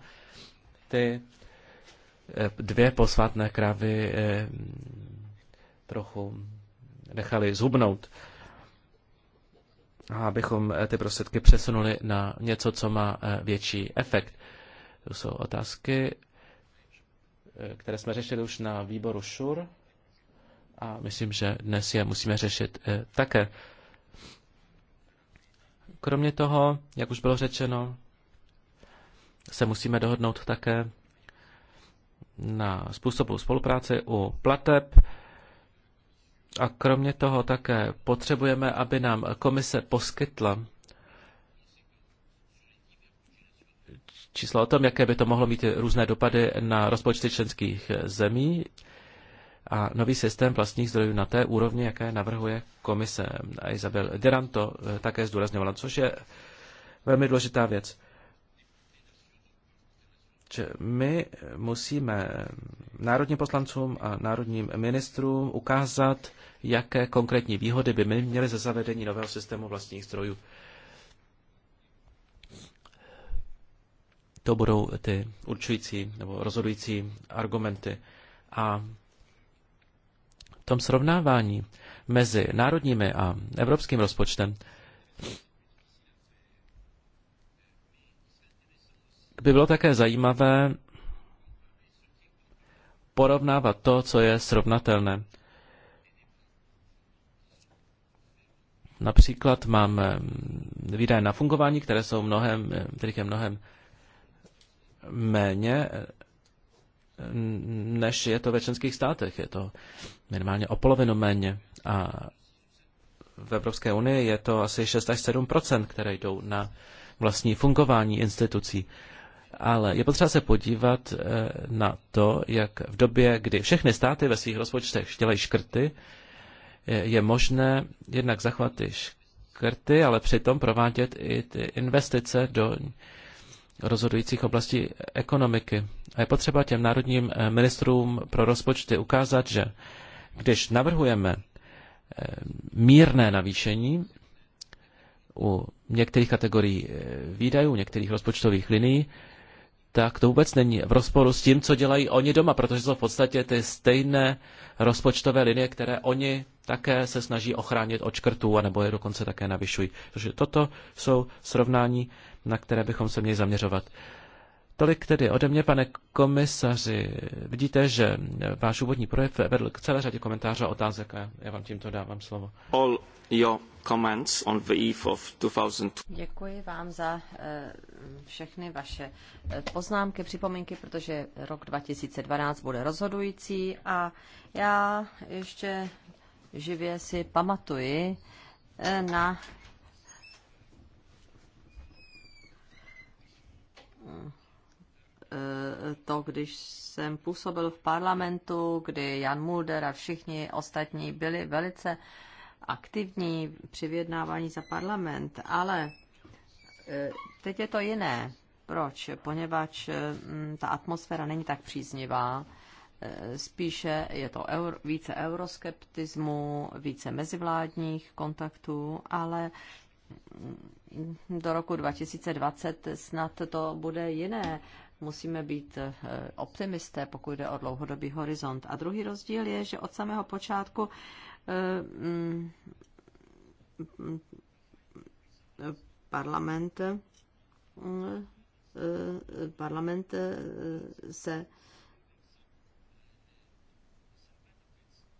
ty dvě posvátné krávy trochu nechali zhubnout a abychom eh, ty prostředky přesunuli na něco, co má eh, větší efekt. To jsou otázky, eh, které jsme řešili už na výboru ŠUR a myslím, že dnes je musíme řešit také. Kromě toho, jak už bylo řečeno, se musíme dohodnout také na způsobu spolupráce u plateb a kromě toho také potřebujeme, aby nám komise poskytla čísla o tom, jaké by to mohlo mít různé dopady na rozpočty členských zemí a nový systém vlastních zdrojů na té úrovni, jaké navrhuje komise. A Isabel Deranto také zdůrazňovala, což je velmi důležitá věc že my musíme národním poslancům a národním ministrům ukázat, jaké konkrétní výhody by my měli ze zavedení nového systému vlastních zdrojů. To budou ty určující nebo rozhodující argumenty. A v tom srovnávání mezi národními a evropským rozpočtem by bylo také zajímavé porovnávat to, co je srovnatelné. Například mám eh, výdaje na fungování, které jsou mnohem, kterých eh, je mnohem méně, eh, než je to ve členských státech. Je to minimálně o polovinu méně. A v Evropské unii je to asi 6 až 7 které jdou na vlastní fungování institucí ale je potřeba se podívat eh, na to, jak v době, kdy všechny státy ve svých rozpočtech dělají škrty, eh, je možné jednak zachovat ty škrty, ale přitom provádět i ty investice do rozhodujících oblastí ekonomiky. A je potřeba těm národním eh, ministrům pro rozpočty ukázat, že když navrhujeme mírné navýšení u některých kategorií výdajů, některých rozpočtových linií, tak to vůbec není v rozporu s tím, co dělají oni doma, protože jsou v podstatě ty stejné rozpočtové linie, které oni také se snaží ochránit od škrtů, anebo je dokonce také navyšují. Takže toto jsou srovnání, na které bychom se měli zaměřovat. Tolik tedy ode mě, pane komisaři. Vidíte, že váš úvodní projev vedl k celé řadě komentářů a otázek a já vám tímto dávám slovo. All your comments on the eve of 2000. Děkuji vám za eh, všechny vaše eh, poznámky, připomínky, protože rok 2012 bude rozhodující a já ještě živě si pamatuji eh, na eh, to, když jsem působil v parlamentu, kdy Jan Mulder a všichni ostatní byli velice aktivní při vyjednávání za parlament, ale Teď je to jiné. Proč? Poněvadž eh, ta atmosféra není tak příznivá. Eh, spíše je to euro, více euroskeptismu, více mezivládních kontaktů, ale mm, do roku 2020 snad to bude jiné. Musíme být eh, optimisté, pokud jde o dlouhodobý horizont. A druhý rozdíl je, že od samého počátku parlament parlament eh, se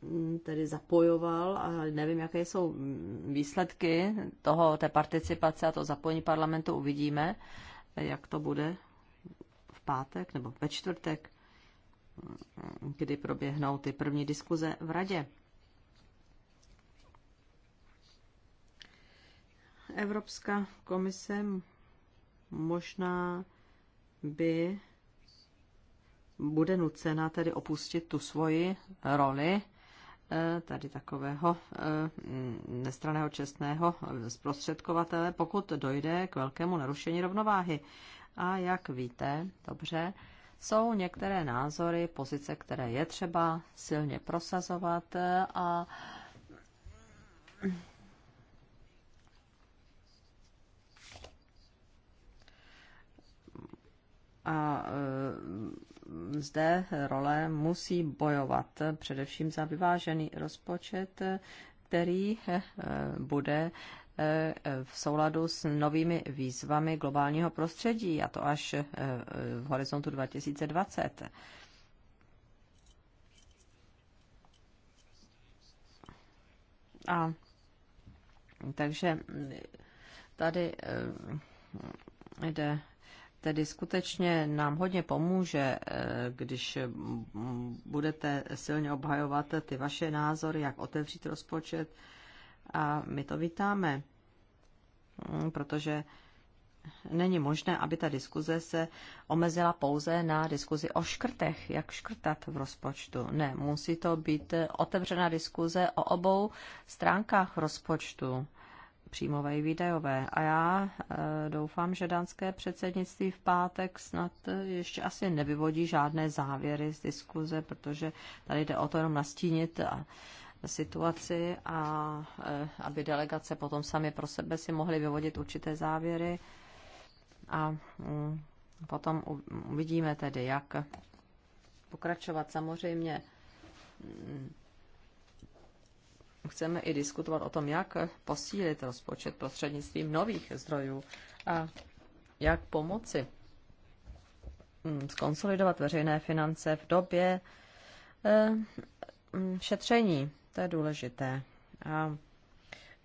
mm, tedy zapojoval a nevím, jaké jsou výsledky toho, té participace a to zapojení parlamentu uvidíme, jak to bude v pátek nebo ve čtvrtek, kdy proběhnou ty první diskuze v radě. Evropská komise možná by bude nucena tedy opustit tu svoji roli eh, tady takového eh, nestraného čestného zprostředkovatele, pokud dojde k velkému narušení rovnováhy. A jak víte, dobře, jsou některé názory, pozice, které je třeba silně prosazovat eh, a A e, zde role musí bojovat především za vyvážený rozpočet, který e, bude e, v souladu s novými výzvami globálního prostředí, a to až v horizontu 2020. A takže tady jde tedy skutečně nám hodně pomůže, eh, když budete silně obhajovat ty vaše názory, jak otevřít rozpočet. A my to vítáme, mm, protože není možné, aby ta diskuze se omezila pouze na diskuzi o škrtech, jak škrtat v rozpočtu. Ne, musí to být otevřená diskuze o obou stránkách rozpočtu příjmové i výdajové. A já eh, doufám, že dánské předsednictví v pátek snad eh, ještě asi nevyvodí žádné závěry z diskuze, protože tady jde o to jenom nastínit a eh, situaci a aby delegace potom sami pro sebe si mohly vyvodit určité závěry a mm, potom uvidíme tedy, jak pokračovat. Samozřejmě mm, chceme i diskutovat o tom, jak posílit rozpočet prostřednictvím nových zdrojů a jak pomoci mm, skonsolidovat veřejné finance v době eh, mm, šetření. To je důležité. A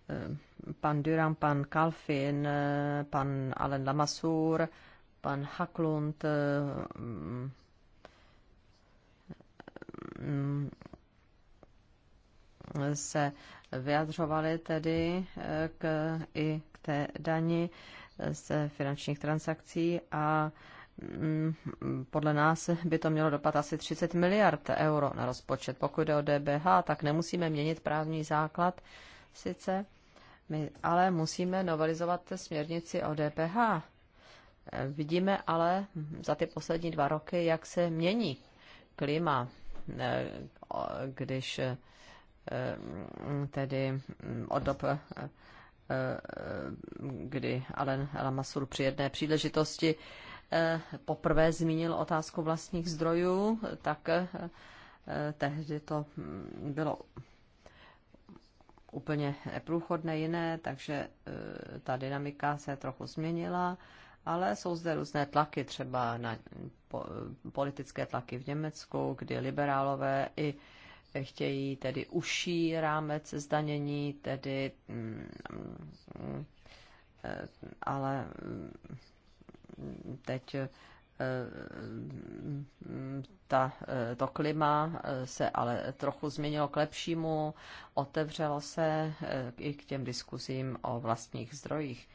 eh, pan Duran, pan Kalfin, eh, pan Alen Lamassur, pan Haklund, mm, se vyjadřovali tedy eh, k, i k té dani z finančních transakcí a mm, podle nás by to mělo dopad asi 30 miliard euro na rozpočet. Pokud jde o DBH, tak nemusíme měnit právní základ sice, my ale musíme novelizovat směrnici o DPH. Vidíme ale za ty poslední dva roky, jak se mění klima, eh, když Eh, tedy mm, od dob, eh, eh, kdy Alen Lamassur při jedné příležitosti poprvé zmínil otázku vlastních zdrojů, tak tehdy to mm, bylo úplně neprůchodné jiné, takže ta dynamika se trochu změnila, ale jsou zde různé tlaky, třeba na politické tlaky v Německu, kdy liberálové i chtějí tedy uší rámec zdanění, tedy mm, mm, ale mm, teď eh, ta, eh, to klima eh, se ale trochu změnilo k lepšímu, otevřelo se i k těm diskuzím o vlastních zdrojích.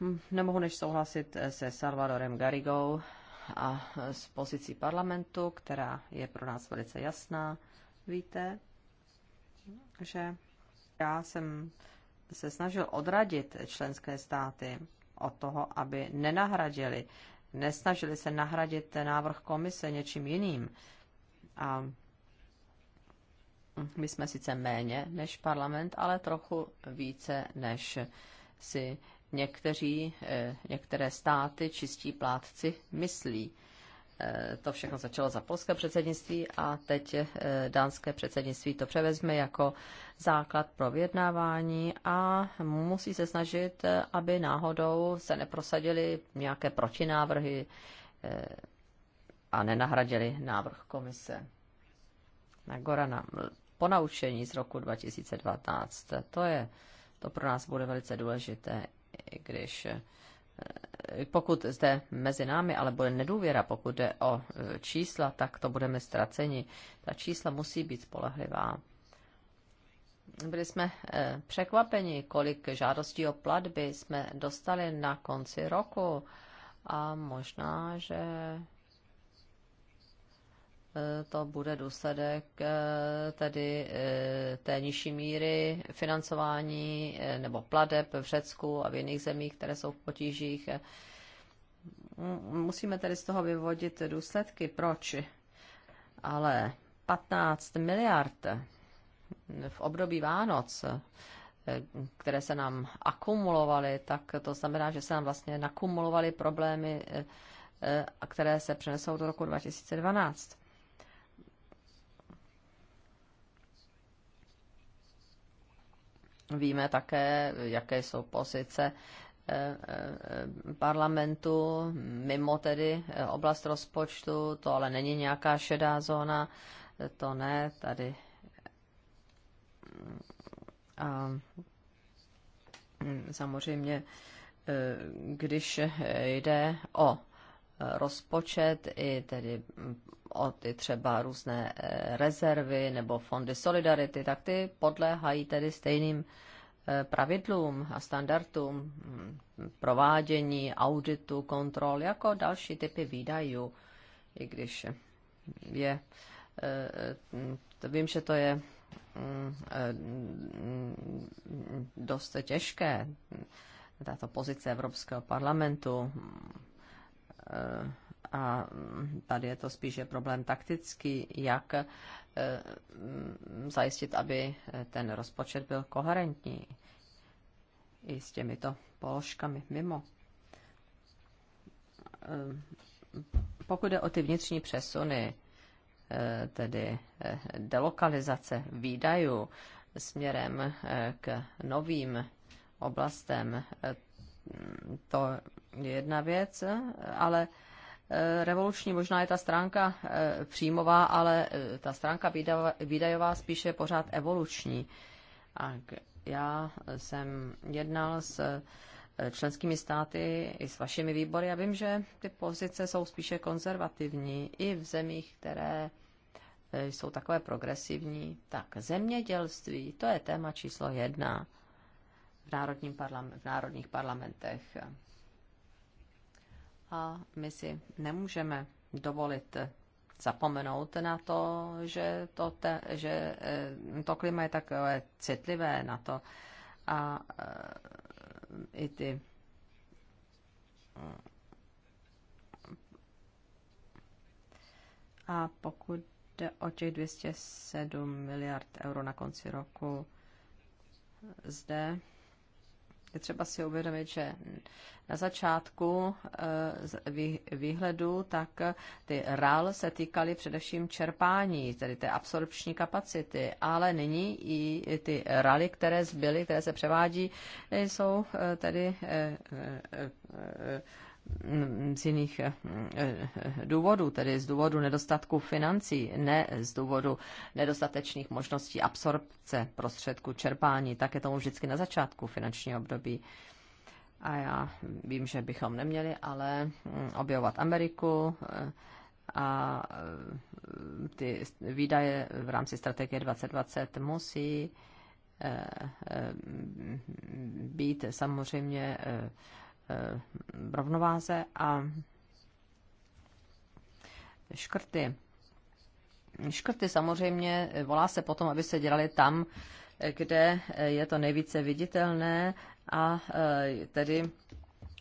Hm, nemohu než souhlasit se Salvadorem Garigou, a s pozicí parlamentu, která je pro nás velice jasná. Víte, že já jsem se snažil odradit členské státy od toho, aby nenahradili, nesnažili se nahradit návrh komise něčím jiným. A my jsme sice méně než parlament, ale trochu více než si někteří, eh, některé státy čistí plátci myslí. Eh, to všechno začalo za polské předsednictví a teď eh, dánské předsednictví to převezme jako základ pro vyjednávání a musí se snažit, aby náhodou se neprosadili nějaké protinávrhy a nenahradili návrh komise. Na Gorana ponaučení z roku 2019. To je, to pro nás bude velice důležité i když eh, pokud zde mezi námi ale bude nedůvěra, pokud jde o eh, čísla, tak to budeme ztraceni. Ta čísla musí být spolehlivá. Byli jsme eh, překvapeni, kolik žádostí o platby jsme dostali na konci roku a možná, že to bude důsledek eh, tedy eh, té nižší míry financování eh, nebo pladeb v Řecku a v jiných zemích, které jsou v potížích. Musíme tedy z toho vyvodit důsledky, proč. Ale 15 miliard v období Vánoc, které se nám akumulovaly, tak to znamená, že se nám vlastně nakumulovaly problémy, které se přenesou do roku 2012 Víme také, jaké jsou pozice eh, eh, parlamentu mimo tedy eh, oblast rozpočtu, to ale není nějaká šedá zóna, to ne, tady a hm, samozřejmě, když jde o rozpočet i tedy hm, o ty třeba různé eh, rezervy nebo fondy solidarity, tak ty podléhají tedy stejným eh, pravidlům a standardům hm, provádění, auditu, kontrol, jako další typy výdajů, i když je, eh, vím, že to je hm, dost těžké, hm, tato pozice Evropského parlamentu, a tady je to spíše problém taktický, jak eh, mm, zajistit, aby eh, ten rozpočet byl koherentní i s těmito položkami mimo. Eh, pokud jde o ty vnitřní přesuny, tedy delokalizace výdajů směrem k novým oblastem, to je jedna věc, ale Eh, revoluční možná je ta stránka eh, příjmová, ale eh, ta stránka výdajová spíše pořád evoluční. A já jsem jednal s členskými státy i s vašimi výbory a vím, že ty pozice jsou spíše konzervativní i v zemích, které jsou takové progresivní. Tak zemědělství, to je téma číslo jedna v, národním parlament, v národních parlamentech a my si nemůžeme dovolit zapomenout na to, že to, te, že eh, to klima je takové citlivé na to a eh, i ty a pokud jde o těch 207 miliard euro na konci roku, zde je třeba si uvědomit, že na začátku eh, výhledu, tak ty RAL se týkaly především čerpání, tedy té absorpční kapacity, ale nyní i ty RALy, které zbyly, které se převádí, eh, jsou eh, tedy Mm, z jiných eh, eh, důvodů, tedy z důvodu nedostatku financí, ne z důvodu nedostatečných možností absorpce prostředku čerpání, tak je tomu vždycky na začátku finančního období. A já vím, že bychom neměli ale mm, objevovat Ameriku eh, a ty výdaje v rámci strategie 2020 musí být samozřejmě Eh, rovnováze a škrty. Škrty samozřejmě eh, volá se potom, aby se dělali tam, eh, kde je to nejvíce viditelné a tedy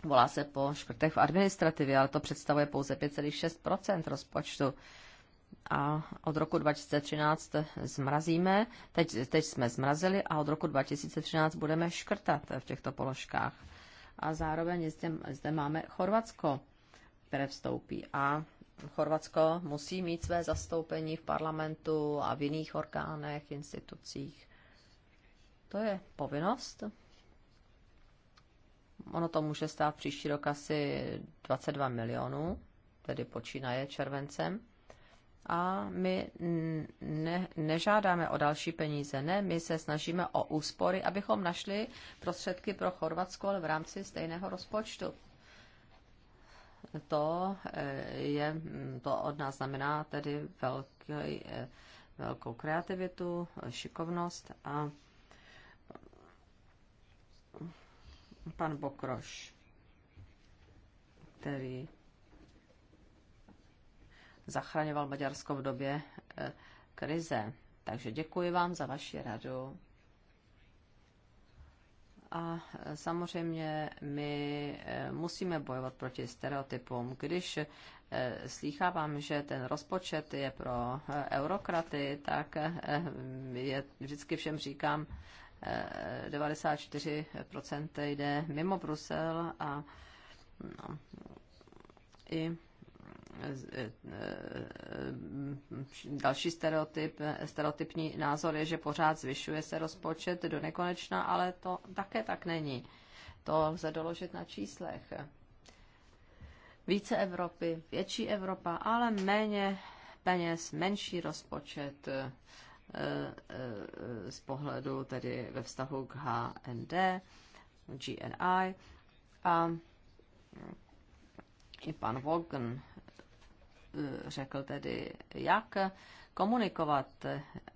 volá se po škrtech v administrativě, ale to představuje pouze 5,6 rozpočtu. A od roku 2013 zmrazíme, teď, teď jsme zmrazili a od roku 2013 budeme škrtat v těchto položkách a zároveň zde, zde máme Chorvatsko, které vstoupí. A Chorvatsko musí mít své zastoupení v parlamentu a v jiných orgánech, institucích. To je povinnost. Ono to může stát příští rok asi 22 milionů, tedy počínaje červencem a my ne, nežádáme o další peníze, ne, my se snažíme o úspory, abychom našli prostředky pro Chorvatsko ale v rámci stejného rozpočtu. To, eh, je, to od nás znamená tedy velký, eh, velkou kreativitu, šikovnost a pan Bokroš, který zachraňoval Maďarsko v době eh, krize. Takže děkuji vám za vaši radu. A eh, samozřejmě my eh, musíme bojovat proti stereotypům. Když slýchávám, že ten rozpočet je pro eurokraty, tak je, vždycky všem říkám, 94% jde mimo Brusel a no, i Eh, eh, eh, další stereotyp, stereotypní názor je, že pořád zvyšuje se rozpočet do nekonečna, ale to také tak není. To lze doložit na číslech. Více Evropy, větší Evropa, ale méně peněz, menší rozpočet z pohledu tedy ve vztahu k HND, GNI a i pan Wogan Eh, řekl tedy, jak komunikovat,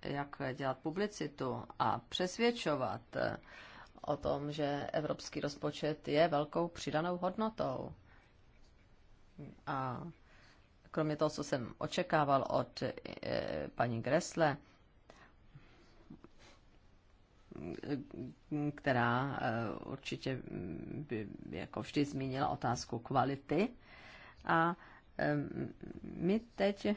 jak dělat publicitu a přesvědčovat eh, o tom, že evropský rozpočet je velkou přidanou hodnotou. A kromě toho, co jsem očekával od eh, paní Gresle, která určitě by jako vždy zmínila otázku kvality a my teď eh,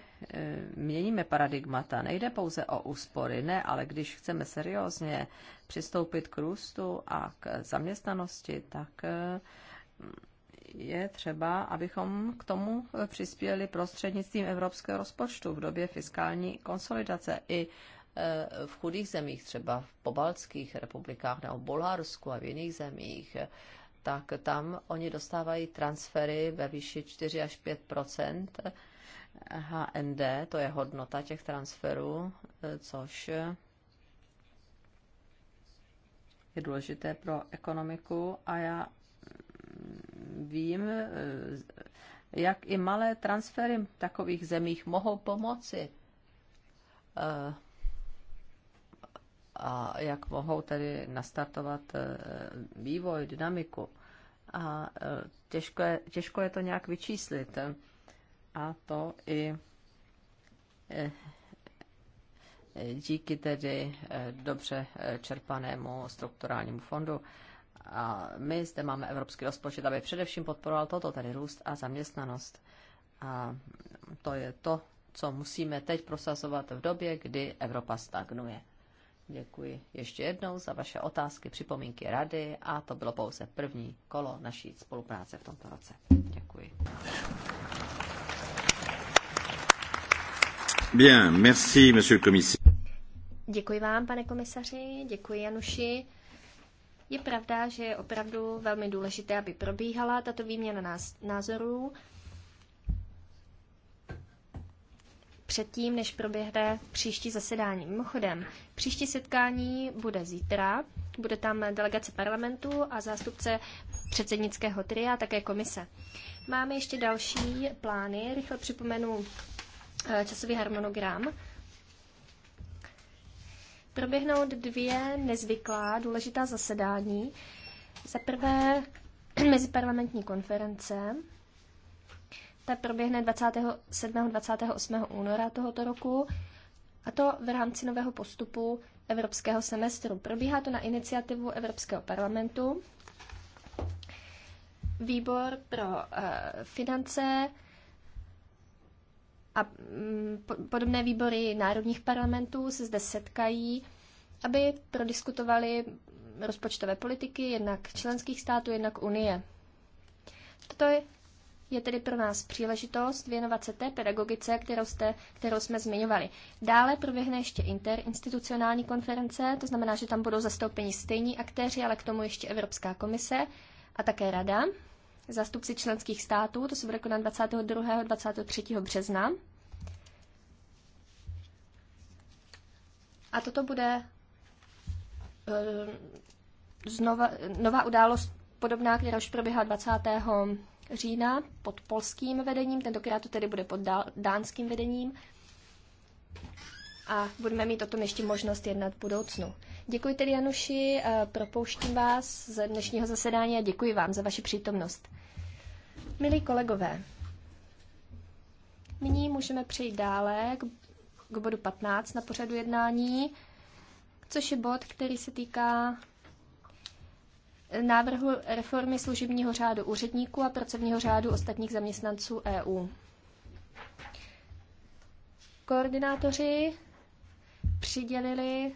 měníme paradigmata. Nejde pouze o úspory, ne, ale když chceme seriózně přistoupit k růstu a k zaměstnanosti, tak eh, je třeba, abychom k tomu přispěli prostřednictvím evropského rozpočtu v době fiskální konsolidace i eh, v chudých zemích, třeba v pobaltských republikách nebo v Bulharsku a v jiných zemích tak tam oni dostávají transfery ve výši 4 až 5 HND, to je hodnota těch transferů, eh, což je důležité pro ekonomiku a já mm, vím, eh, jak i malé transfery v takových zemích mohou pomoci eh, a jak mohou tedy nastartovat vývoj, dynamiku a e, těžko je, těžko je to nějak vyčíslit. A to i e, díky tedy e, dobře čerpanému strukturálnímu fondu. A my zde máme evropský rozpočet, aby především podporoval toto, tedy růst a zaměstnanost. A to je to, co musíme teď prosazovat v době, kdy Evropa stagnuje. Děkuji ještě jednou za vaše otázky, připomínky, rady a to bylo pouze první kolo naší spolupráce v tomto roce. Děkuji. Bien, merci, monsieur le Děkuji vám, pane komisaři, děkuji Januši. Je pravda, že je opravdu velmi důležité, aby probíhala tato výměna názorů. předtím, než proběhne příští zasedání. Mimochodem, příští setkání bude zítra, bude tam delegace parlamentu a zástupce předsednického tria a také komise. Máme ještě další plány, rychle připomenu eh, časový harmonogram. Proběhnout dvě nezvyklá důležitá zasedání. Za prvé meziparlamentní konference ta proběhne 27. 28. února tohoto roku a to v rámci nového postupu evropského semestru. Probíhá to na iniciativu Evropského parlamentu. Výbor pro uh, finance a um, podobné výbory národních parlamentů se zde setkají, aby prodiskutovali rozpočtové politiky jednak členských států, jednak Unie. Toto je je tedy pro nás příležitost věnovat se té pedagogice, kterou, jste, kterou jsme zmiňovali. Dále proběhne ještě interinstitucionální konference, to znamená, že tam budou zastoupeni stejní aktéři, ale k tomu ještě Evropská komise a také Rada, zastupci členských států, to se bude konat 22. 23. března. A toto bude eh, znova, nová událost podobná, která už proběhla 20 října pod polským vedením, tentokrát to tedy bude pod dánským vedením a budeme mít o tom ještě možnost jednat v budoucnu. Děkuji tedy Januši, propouštím vás z dnešního zasedání a děkuji vám za vaši přítomnost. Milí kolegové, nyní můžeme přejít dále k, k bodu 15 na pořadu jednání, což je bod, který se týká návrhu reformy služebního řádu úředníků a pracovního řádu ostatních zaměstnanců EU. Koordinátoři přidělili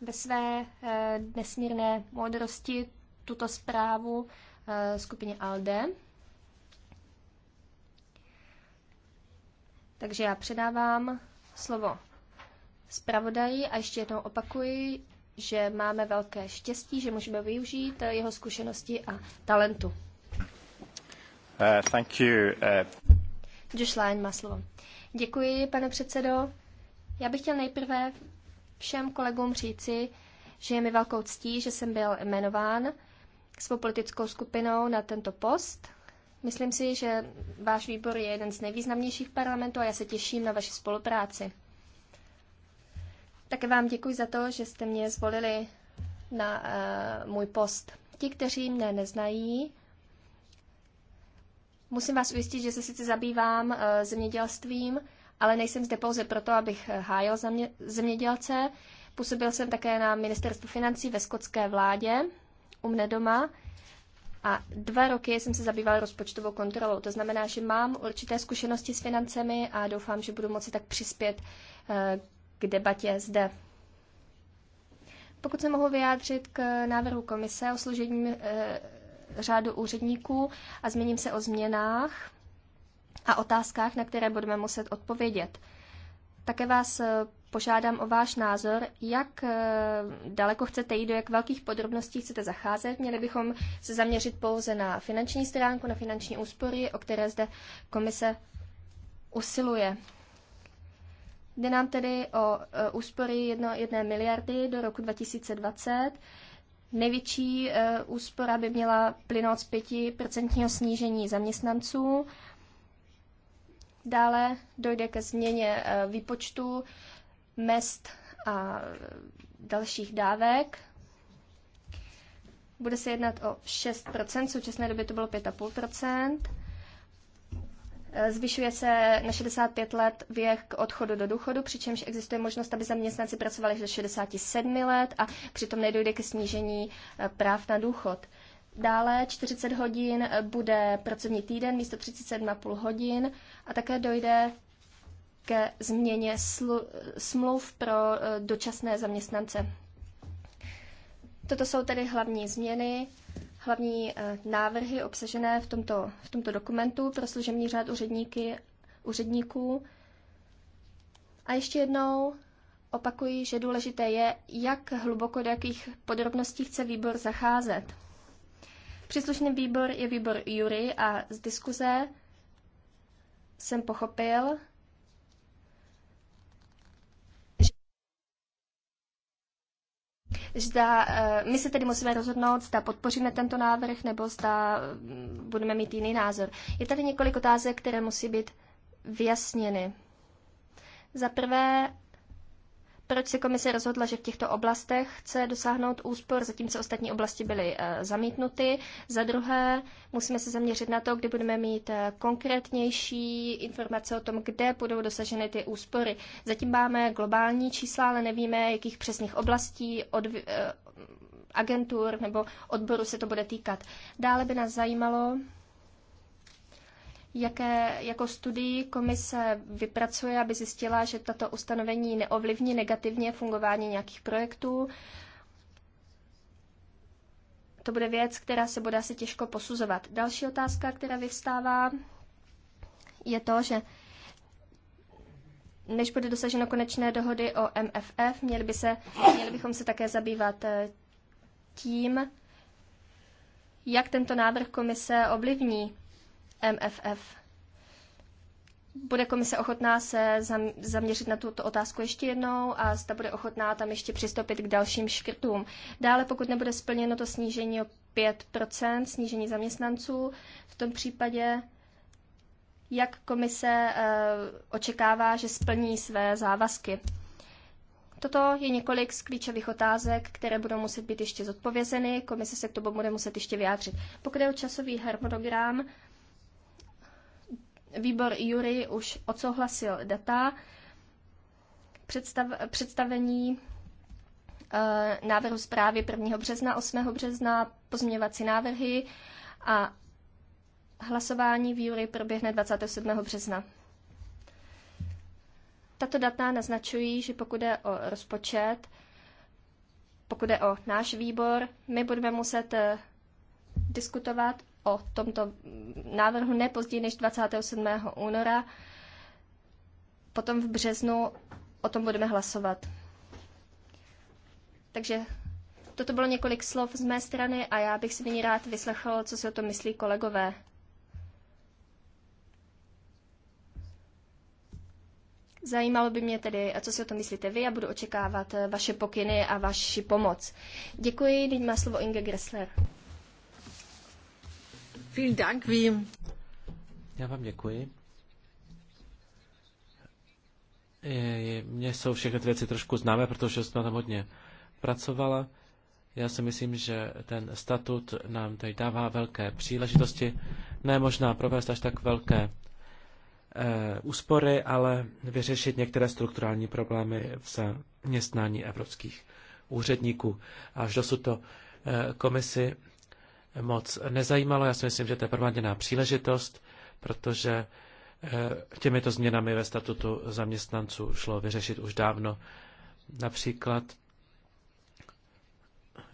ve své eh, nesmírné moudrosti tuto zprávu eh, skupině ALDE. Takže já předávám slovo zpravodaji a ještě jednou opakuji, že máme velké štěstí, že můžeme využít eh, jeho zkušenosti a talentu. Uh, thank you. Uh... Josh Lyon má slovo. Děkuji, pane předsedo. Já bych chtěl nejprve všem kolegům říci, že je mi velkou ctí, že jsem byl jmenován svou politickou skupinou na tento post. Myslím si, že váš výbor je jeden z nejvýznamnějších parlamentů a já se těším na vaši spolupráci. Také vám děkuji za to, že jste mě zvolili na uh, můj post. Ti, kteří mě neznají, musím vás ujistit, že se sice zabývám uh, zemědělstvím, ale nejsem zde pouze proto, abych eh, hájil zemědělce. Působil jsem také na ministerstvu financí ve skotské vládě, u mne doma. A dva roky jsem se zabýval rozpočtovou kontrolou. To znamená, že mám určité zkušenosti s financemi a doufám, že budu moci tak přispět k debatě zde. Pokud se mohu vyjádřit k návrhu komise o služebním e, řádu úředníků a zmíním se o změnách a otázkách, na které budeme muset odpovědět. Také vás eh, požádám o váš názor, jak eh, daleko chcete jít, do jak velkých podrobností chcete zacházet. Měli bychom se zaměřit pouze na finanční stránku, na finanční úspory, o které zde komise usiluje. Jde nám tedy o e, úspory jedné miliardy do roku 2020. Největší e, úspora by měla plynout z 5% snížení zaměstnanců. Dále dojde ke změně e, výpočtu mest a dalších dávek. Bude se jednat o 6%, v současné době to bylo 5,5%. Zvyšuje se na 65 let věk k odchodu do důchodu, přičemž existuje možnost, aby zaměstnanci pracovali do 67 let a přitom nedojde ke snížení eh, práv na důchod. Dále 40 hodin bude pracovní týden místo 37,5 hodin a také dojde ke změně smluv pro eh, dočasné zaměstnance. Toto jsou tedy hlavní změny hlavní eh, návrhy obsažené v tomto, v tomto dokumentu pro služební řád úředníky, úředníků. A ještě jednou opakuji, že důležité je, jak hluboko do jakých podrobností chce výbor zacházet. Příslušný výbor je výbor Jury a z diskuze jsem pochopil, Zda, eh, my se tedy musíme rozhodnout, zda podpoříme tento návrh, nebo zda mm, budeme mít jiný názor. Je tady několik otázek, které musí být vyjasněny. Za prvé, proč se komise rozhodla, že v těchto oblastech chce dosáhnout úspor, zatímco ostatní oblasti byly eh, zamítnuty? Za druhé, musíme se zaměřit na to, kdy budeme mít eh, konkrétnější informace o tom, kde budou dosaženy ty úspory. Zatím máme globální čísla, ale nevíme, jakých přesných oblastí od eh, agentur nebo odboru se to bude týkat. Dále by nás zajímalo, jaké jako studii komise vypracuje, aby zjistila, že tato ustanovení neovlivní negativně fungování nějakých projektů. To bude věc, která se bude asi těžko posuzovat. Další otázka, která vyvstává, je to, že než bude dosaženo konečné dohody o MFF, měli, by se, měli bychom se také zabývat eh, tím, jak tento návrh komise ovlivní MFF. Bude komise ochotná se zaměřit na tuto otázku ještě jednou a zda bude ochotná tam ještě přistoupit k dalším škrtům. Dále, pokud nebude splněno to snížení o 5%, snížení zaměstnanců, v tom případě jak komise eh, očekává, že splní své závazky. Toto je několik z klíčových otázek, které budou muset být ještě zodpovězeny. Komise se k tomu bude muset ještě vyjádřit. Pokud je o časový harmonogram, výbor Jury už odsouhlasil data představ, představení e, návrhu zprávy 1. března, 8. března, pozměňovací návrhy a hlasování v Jury proběhne 27. března. Tato data naznačují, že pokud je o rozpočet, pokud je o náš výbor, my budeme muset eh, diskutovat o tomto návrhu nepozději než 27. února. Potom v březnu o tom budeme hlasovat. Takže toto bylo několik slov z mé strany a já bych si nyní rád vyslechl, co si o tom myslí kolegové. Zajímalo by mě tedy, co si o tom myslíte vy a budu očekávat vaše pokyny a vaši pomoc. Děkuji, teď má slovo Inge Gressler. Vielen Dank, Já vám děkuji. Mně jsou všechny ty věci trošku známé, protože jsme tam hodně pracovala. Já si myslím, že ten statut nám tady dává velké příležitosti. Ne možná provést až tak velké eh, úspory, ale vyřešit některé strukturální problémy v zaměstnání evropských úředníků. Až dosud to eh, komisi moc nezajímalo. Já si myslím, že to je prováděná příležitost, protože eh, těmito změnami ve statutu zaměstnanců šlo vyřešit už dávno. Například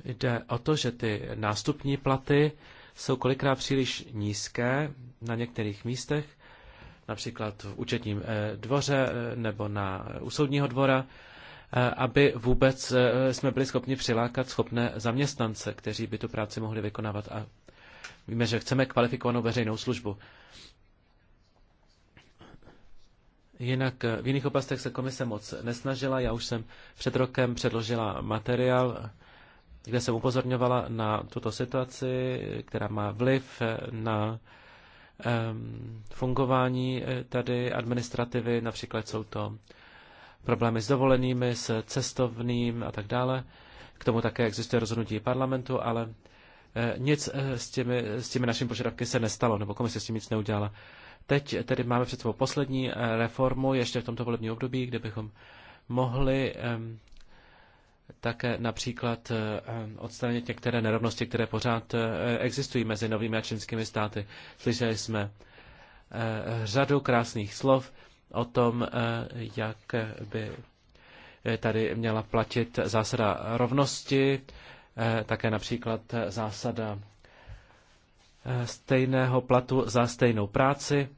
jde o to, že ty nástupní platy jsou kolikrát příliš nízké na některých místech, například v účetním eh, dvoře eh, nebo na u soudního dvora Eh, aby vůbec eh, jsme byli schopni přilákat schopné zaměstnance, kteří by tu práci mohli vykonávat. A víme, že chceme kvalifikovanou veřejnou službu. Jinak eh, v jiných oblastech se komise moc nesnažila. Já už jsem před rokem předložila materiál, kde jsem upozorňovala na tuto situaci, která má vliv na um, fungování tady administrativy. Například jsou to problémy s dovolenými, s cestovným a tak dále. K tomu také existuje rozhodnutí parlamentu, ale eh, nic eh, s těmi, s těmi našimi požadavky se nestalo, nebo komise s tím nic neudělala. Teď tedy máme před sebou poslední eh, reformu, ještě v tomto volebním období, kde bychom mohli také například odstranit některé nerovnosti, které pořád existují mezi novými a členskými státy. Slyšeli jsme řadu krásných slov, o tom, eh, jak by eh, tady měla platit zásada rovnosti, eh, také například zásada stejného platu za stejnou práci.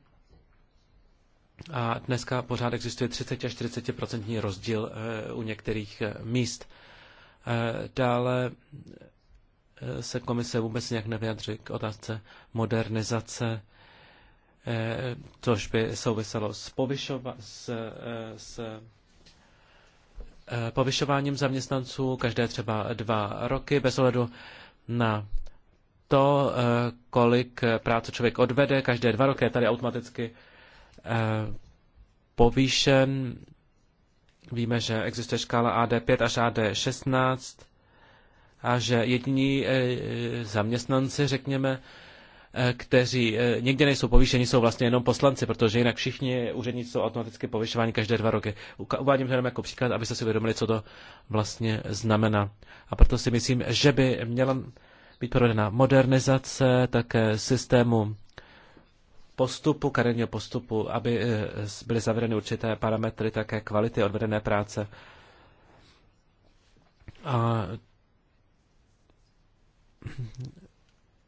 A dneska pořád existuje 30 až 40 rozdíl u některých míst. Dále se komise vůbec nějak nevyjadřuje k otázce modernizace Eh, což by souviselo s, povyšova- s, eh, s eh, povyšováním zaměstnanců každé třeba dva roky, bez ohledu na to, kolik práce člověk odvede, každé dva roky je tady automaticky povýšen. Víme, že existuje škála AD5 až AD16 a že jediní zaměstnanci, řekněme, Eh, kteří eh, někde nejsou povýšeni, jsou vlastně jenom poslanci, protože jinak všichni úředníci jsou automaticky povyšováni každé dva roky. Uvádím to jenom jako příklad, abyste si uvědomili, co to vlastně znamená. A proto si myslím, že by měla být provedena modernizace také systému postupu, kariérního postupu, aby eh, byly zavedeny určité parametry také kvality odvedené práce. A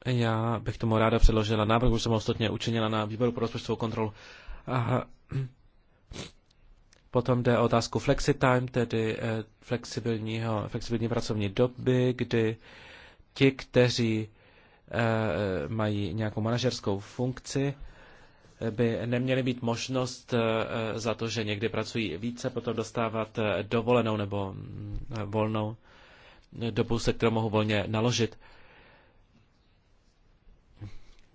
já bych tomu ráda předložila návrh, už jsem ostatně učinila na výboru pro rozpočtovou kontrolu. Aha. Potom jde o otázku flexitime, tedy eh, flexibilního, flexibilní pracovní doby, kdy ti, kteří eh, mají nějakou manažerskou funkci, eh, by neměly být možnost za to, že někdy pracují více, potom dostávat dovolenou nebo mm, volnou dobu, se kterou mohou volně naložit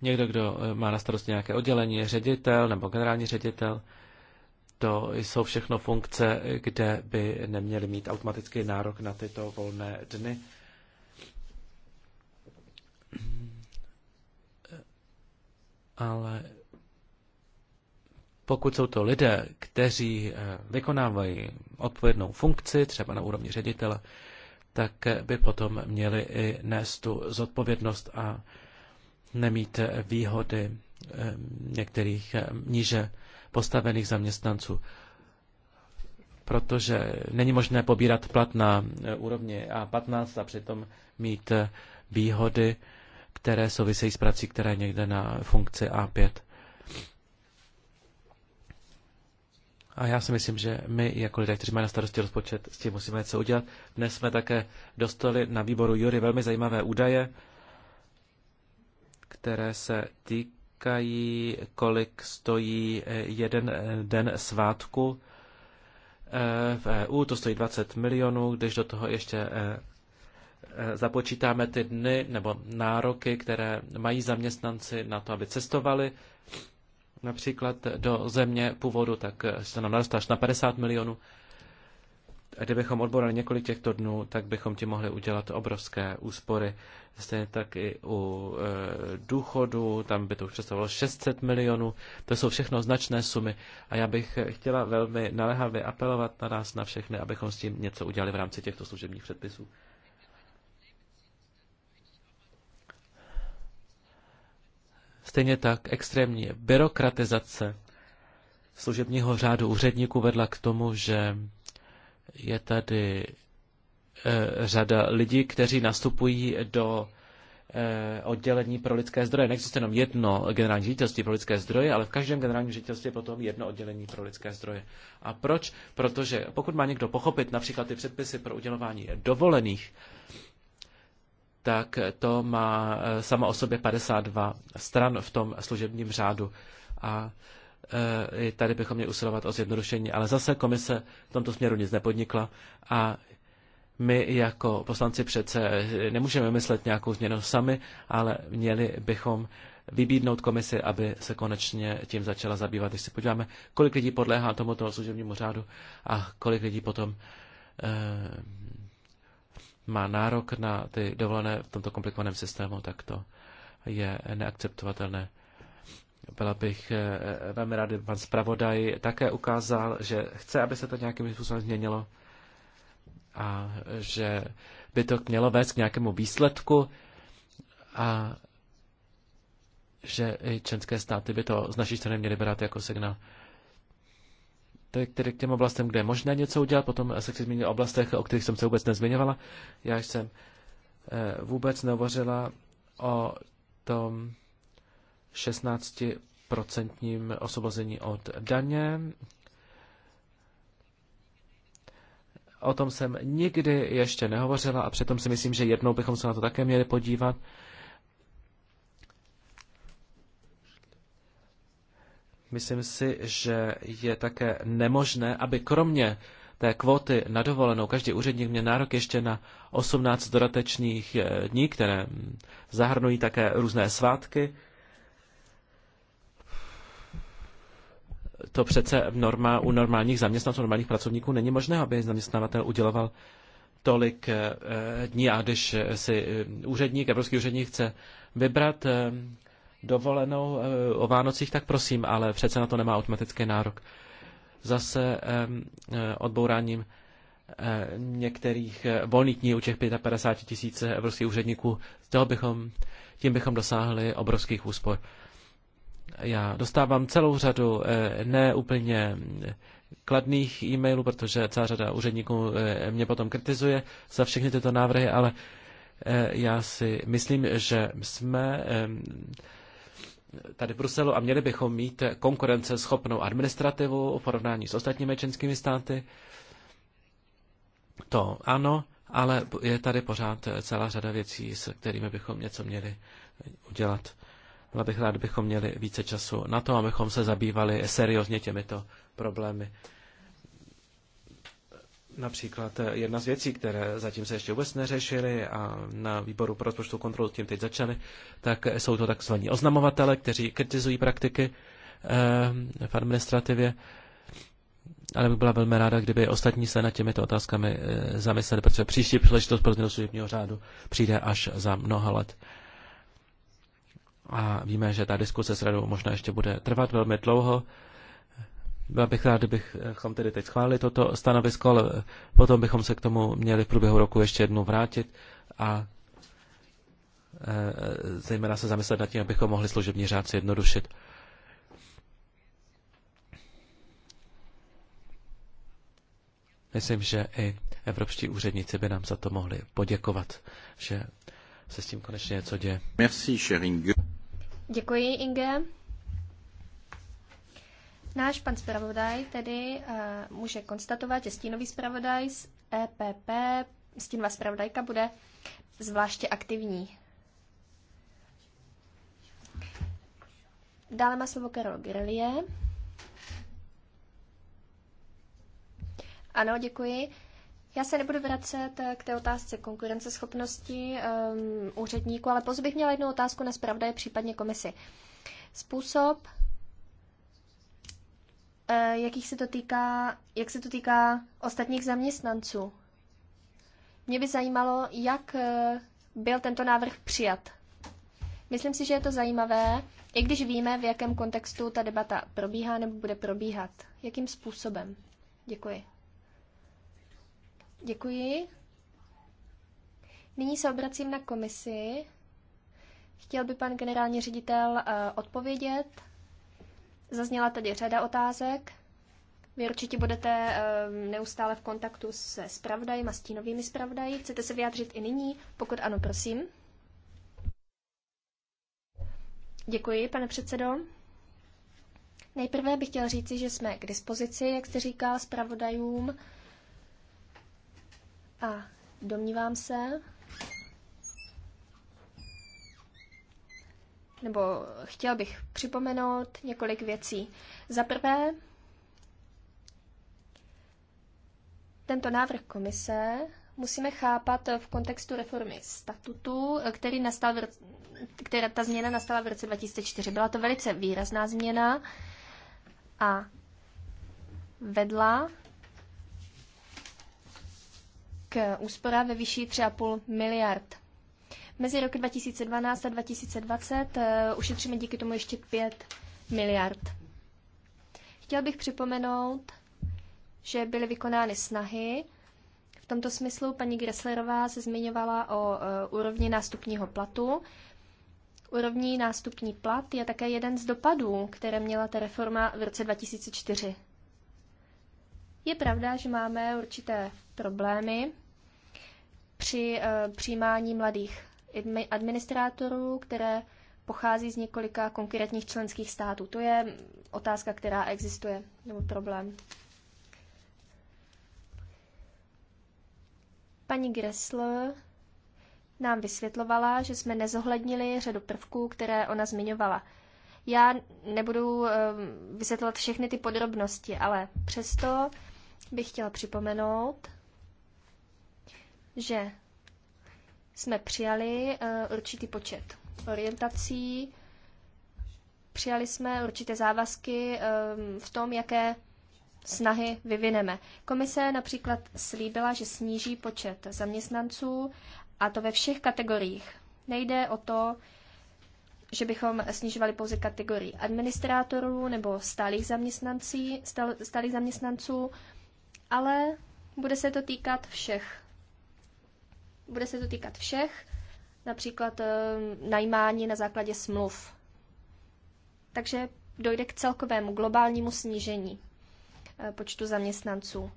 někdo, kdo eh, má na starosti nějaké oddělení, ředitel nebo generální ředitel, to jsou všechno funkce, kde by neměli mít automatický nárok na tyto volné dny. Ale pokud jsou to lidé, kteří eh, vykonávají odpovědnou funkci, třeba na úrovni ředitele, tak eh, by potom měli i nést tu zodpovědnost a nemít výhody eh, některých eh, níže postavených zaměstnanců, protože není možné pobírat plat na eh, úrovni A15 a přitom mít výhody, které souvisejí s prací, která někde na funkci A5. A já si myslím, že my, jako lidé, kteří mají na starosti rozpočet, s tím musíme něco udělat. Dnes jsme také dostali na výboru Jury velmi zajímavé údaje, které se týkají, kolik stojí eh, jeden eh, den svátku eh, v EU, to stojí 20 milionů, když do toho ještě započítáme ty dny nebo nároky, které mají zaměstnanci na to, aby cestovali například do země původu, tak se nám narostá až na 50 milionů a kdybychom odborali několik těchto dnů, tak bychom ti mohli udělat obrovské úspory. Stejně tak i u e, důchodu, tam by to už představovalo 600 milionů. To jsou všechno značné sumy a já bych chtěla velmi naléhavě apelovat na nás, na všechny, abychom s tím něco udělali v rámci těchto služebních předpisů. Stejně tak extrémní byrokratizace služebního řádu úředníků vedla k tomu, že je tady eh, řada lidí, kteří nastupují do eh, oddělení pro lidské zdroje. Neexistuje jenom jedno generální ředitelství pro lidské zdroje, ale v každém generálním ředitelství je potom jedno oddělení pro lidské zdroje. A proč? Protože pokud má někdo pochopit například ty předpisy pro udělování dovolených, tak to má eh, sama o sobě 52 stran v tom služebním řádu. A Eh, i tady bychom měli usilovat o zjednodušení, ale zase komise v tomto směru nic nepodnikla a my jako poslanci přece nemůžeme myslet nějakou změnu sami, ale měli bychom vybídnout komisi, aby se konečně tím začala zabývat. Když se podíváme, kolik lidí podléhá tomuto služebnímu řádu a kolik lidí potom e, má nárok na ty dovolené v tomto komplikovaném systému, tak to je neakceptovatelné. Byla bych eh, eh, velmi rád, pan zpravodaj také ukázal, že chce, aby se to nějakým způsobem změnilo a že by to mělo vést k nějakému výsledku a že i členské státy by to z naší strany měly brát jako signál. Tedy k těm oblastem, kde je možné něco udělat, potom se chci zmínit o oblastech, o kterých jsem se vůbec nezmiňovala. Já jsem eh, vůbec nehovořila o tom, 16% osvobození od daně. O tom jsem nikdy ještě nehovořila a přitom si myslím, že jednou bychom se na to také měli podívat. Myslím si, že je také nemožné, aby kromě té kvóty na dovolenou každý úředník měl nárok ještě na 18 dodatečných eh, dní, které hm, zahrnují také různé svátky, to přece v norma, u normálních zaměstnanců, normálních pracovníků není možné, aby zaměstnavatel uděloval tolik eh, eh, dní a když eh, si úředník, evropský úředník chce vybrat dovolenou o Vánocích, tak prosím, ale přece na to nemá automatický nárok. Zase odbouráním některých volných dní u těch 55 tisíc evropských úředníků, toho bychom, tím bychom dosáhli obrovských úspor. Já dostávám celou řadu eh, neúplně kladných e-mailů, protože celá řada úředníků eh, mě potom kritizuje za všechny tyto návrhy, ale eh, já si myslím, že jsme tady v Bruselu a měli bychom mít konkurenceschopnou administrativu v porovnání s ostatními členskými státy. To ano, ale je tady pořád celá řada věcí, s kterými bychom něco měli udělat. Byla bych rád, bychom měli více času na to, abychom se zabývali seriózně těmito problémy. Například eh, jedna z věcí, které zatím se ještě vůbec neřešily a na výboru pro rozpočtu kontrolu tím teď začaly, tak jsou to takzvaní oznamovatele, kteří kritizují praktiky eh, v administrativě. Ale bych byla velmi ráda, kdyby ostatní se nad těmito otázkami eh, zamysleli, protože příští příležitost pro změnu řádu přijde až za mnoha let. A víme, že ta diskuse s radou možná ještě bude trvat velmi dlouho. Byl bych rád, kdybychom tedy teď schválili toto stanovisko, ale potom bychom se k tomu měli v průběhu roku ještě jednou vrátit a e, zejména se zamyslet nad tím, abychom mohli služební řád si jednodušit. Myslím, že i evropští úředníci by nám za to mohli poděkovat, že se s tím konečně něco děje. Merci, Děkuji, Inge. Náš pan zpravodaj tedy uh, může konstatovat, že stínový zpravodaj z EPP, stínová zpravodajka bude zvláště aktivní. Dále má slovo Karol Grillier. Ano, děkuji. Já se nebudu vracet eh, k té otázce konkurenceschopnosti um, úředníků, ale pozor bych měla jednu otázku na zpravodaje, případně komisi. Způsob, eh, jakých se to týká, jak se to týká ostatních zaměstnanců. Mě by zajímalo, jak eh, byl tento návrh přijat. Myslím si, že je to zajímavé, i když víme, v jakém kontextu ta debata probíhá nebo bude probíhat. Jakým způsobem? Děkuji. Děkuji. Nyní se obracím na komisi. Chtěl by pan generální ředitel eh, odpovědět. Zazněla tady řada otázek. Vy určitě budete eh, neustále v kontaktu se spravdajem a stínovými spravdají. Chcete se vyjádřit i nyní? Pokud ano, prosím. Děkuji, pane předsedo. Nejprve bych chtěl říci, že jsme k dispozici, jak jste říkal, spravodajům. A domnívám se, nebo chtěl bych připomenout několik věcí. Za prvé, tento návrh komise musíme chápat v kontextu reformy statutu, který nastal v která ta změna nastala v roce 2004. Byla to velice výrazná změna a vedla k úsporám ve výši 3,5 miliard. Mezi roky 2012 a 2020 eh, ušetříme díky tomu ještě 5 miliard. Chtěl bych připomenout, že byly vykonány snahy. V tomto smyslu paní Gresslerová se zmiňovala o eh, úrovni nástupního platu. Úrovní nástupní plat je také jeden z dopadů, které měla ta reforma v roce 2004. Je pravda, že máme určité problémy při eh, přijímání mladých administrátorů, které pochází z několika konkrétních členských států. To je otázka, která existuje, nebo problém. Paní Gressl nám vysvětlovala, že jsme nezohlednili řadu prvků, které ona zmiňovala. Já nebudu eh, vysvětlovat všechny ty podrobnosti, ale přesto bych chtěla připomenout, že jsme přijali eh, určitý počet orientací, přijali jsme určité závazky eh, v tom, jaké snahy vyvineme. Komise například slíbila, že sníží počet zaměstnanců a to ve všech kategoriích. Nejde o to, že bychom snižovali pouze kategorii administrátorů nebo stálých, stálých zaměstnanců, ale bude se to týkat všech bude se to týkat všech, například eh, najmání na základě smluv. Takže dojde k celkovému globálnímu snížení eh, počtu zaměstnanců.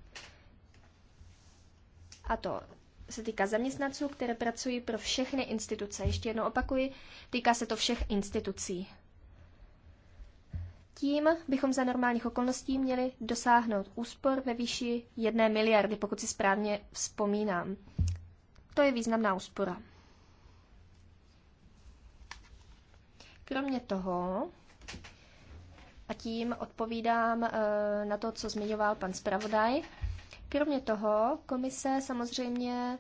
A to se týká zaměstnanců, které pracují pro všechny instituce. Ještě jednou opakuji, týká se to všech institucí. Tím bychom za normálních okolností měli dosáhnout úspor ve výši jedné miliardy, pokud si správně vzpomínám. To je významná úspora. Kromě toho, a tím odpovídám eh, na to, co zmiňoval pan zpravodaj, kromě toho komise samozřejmě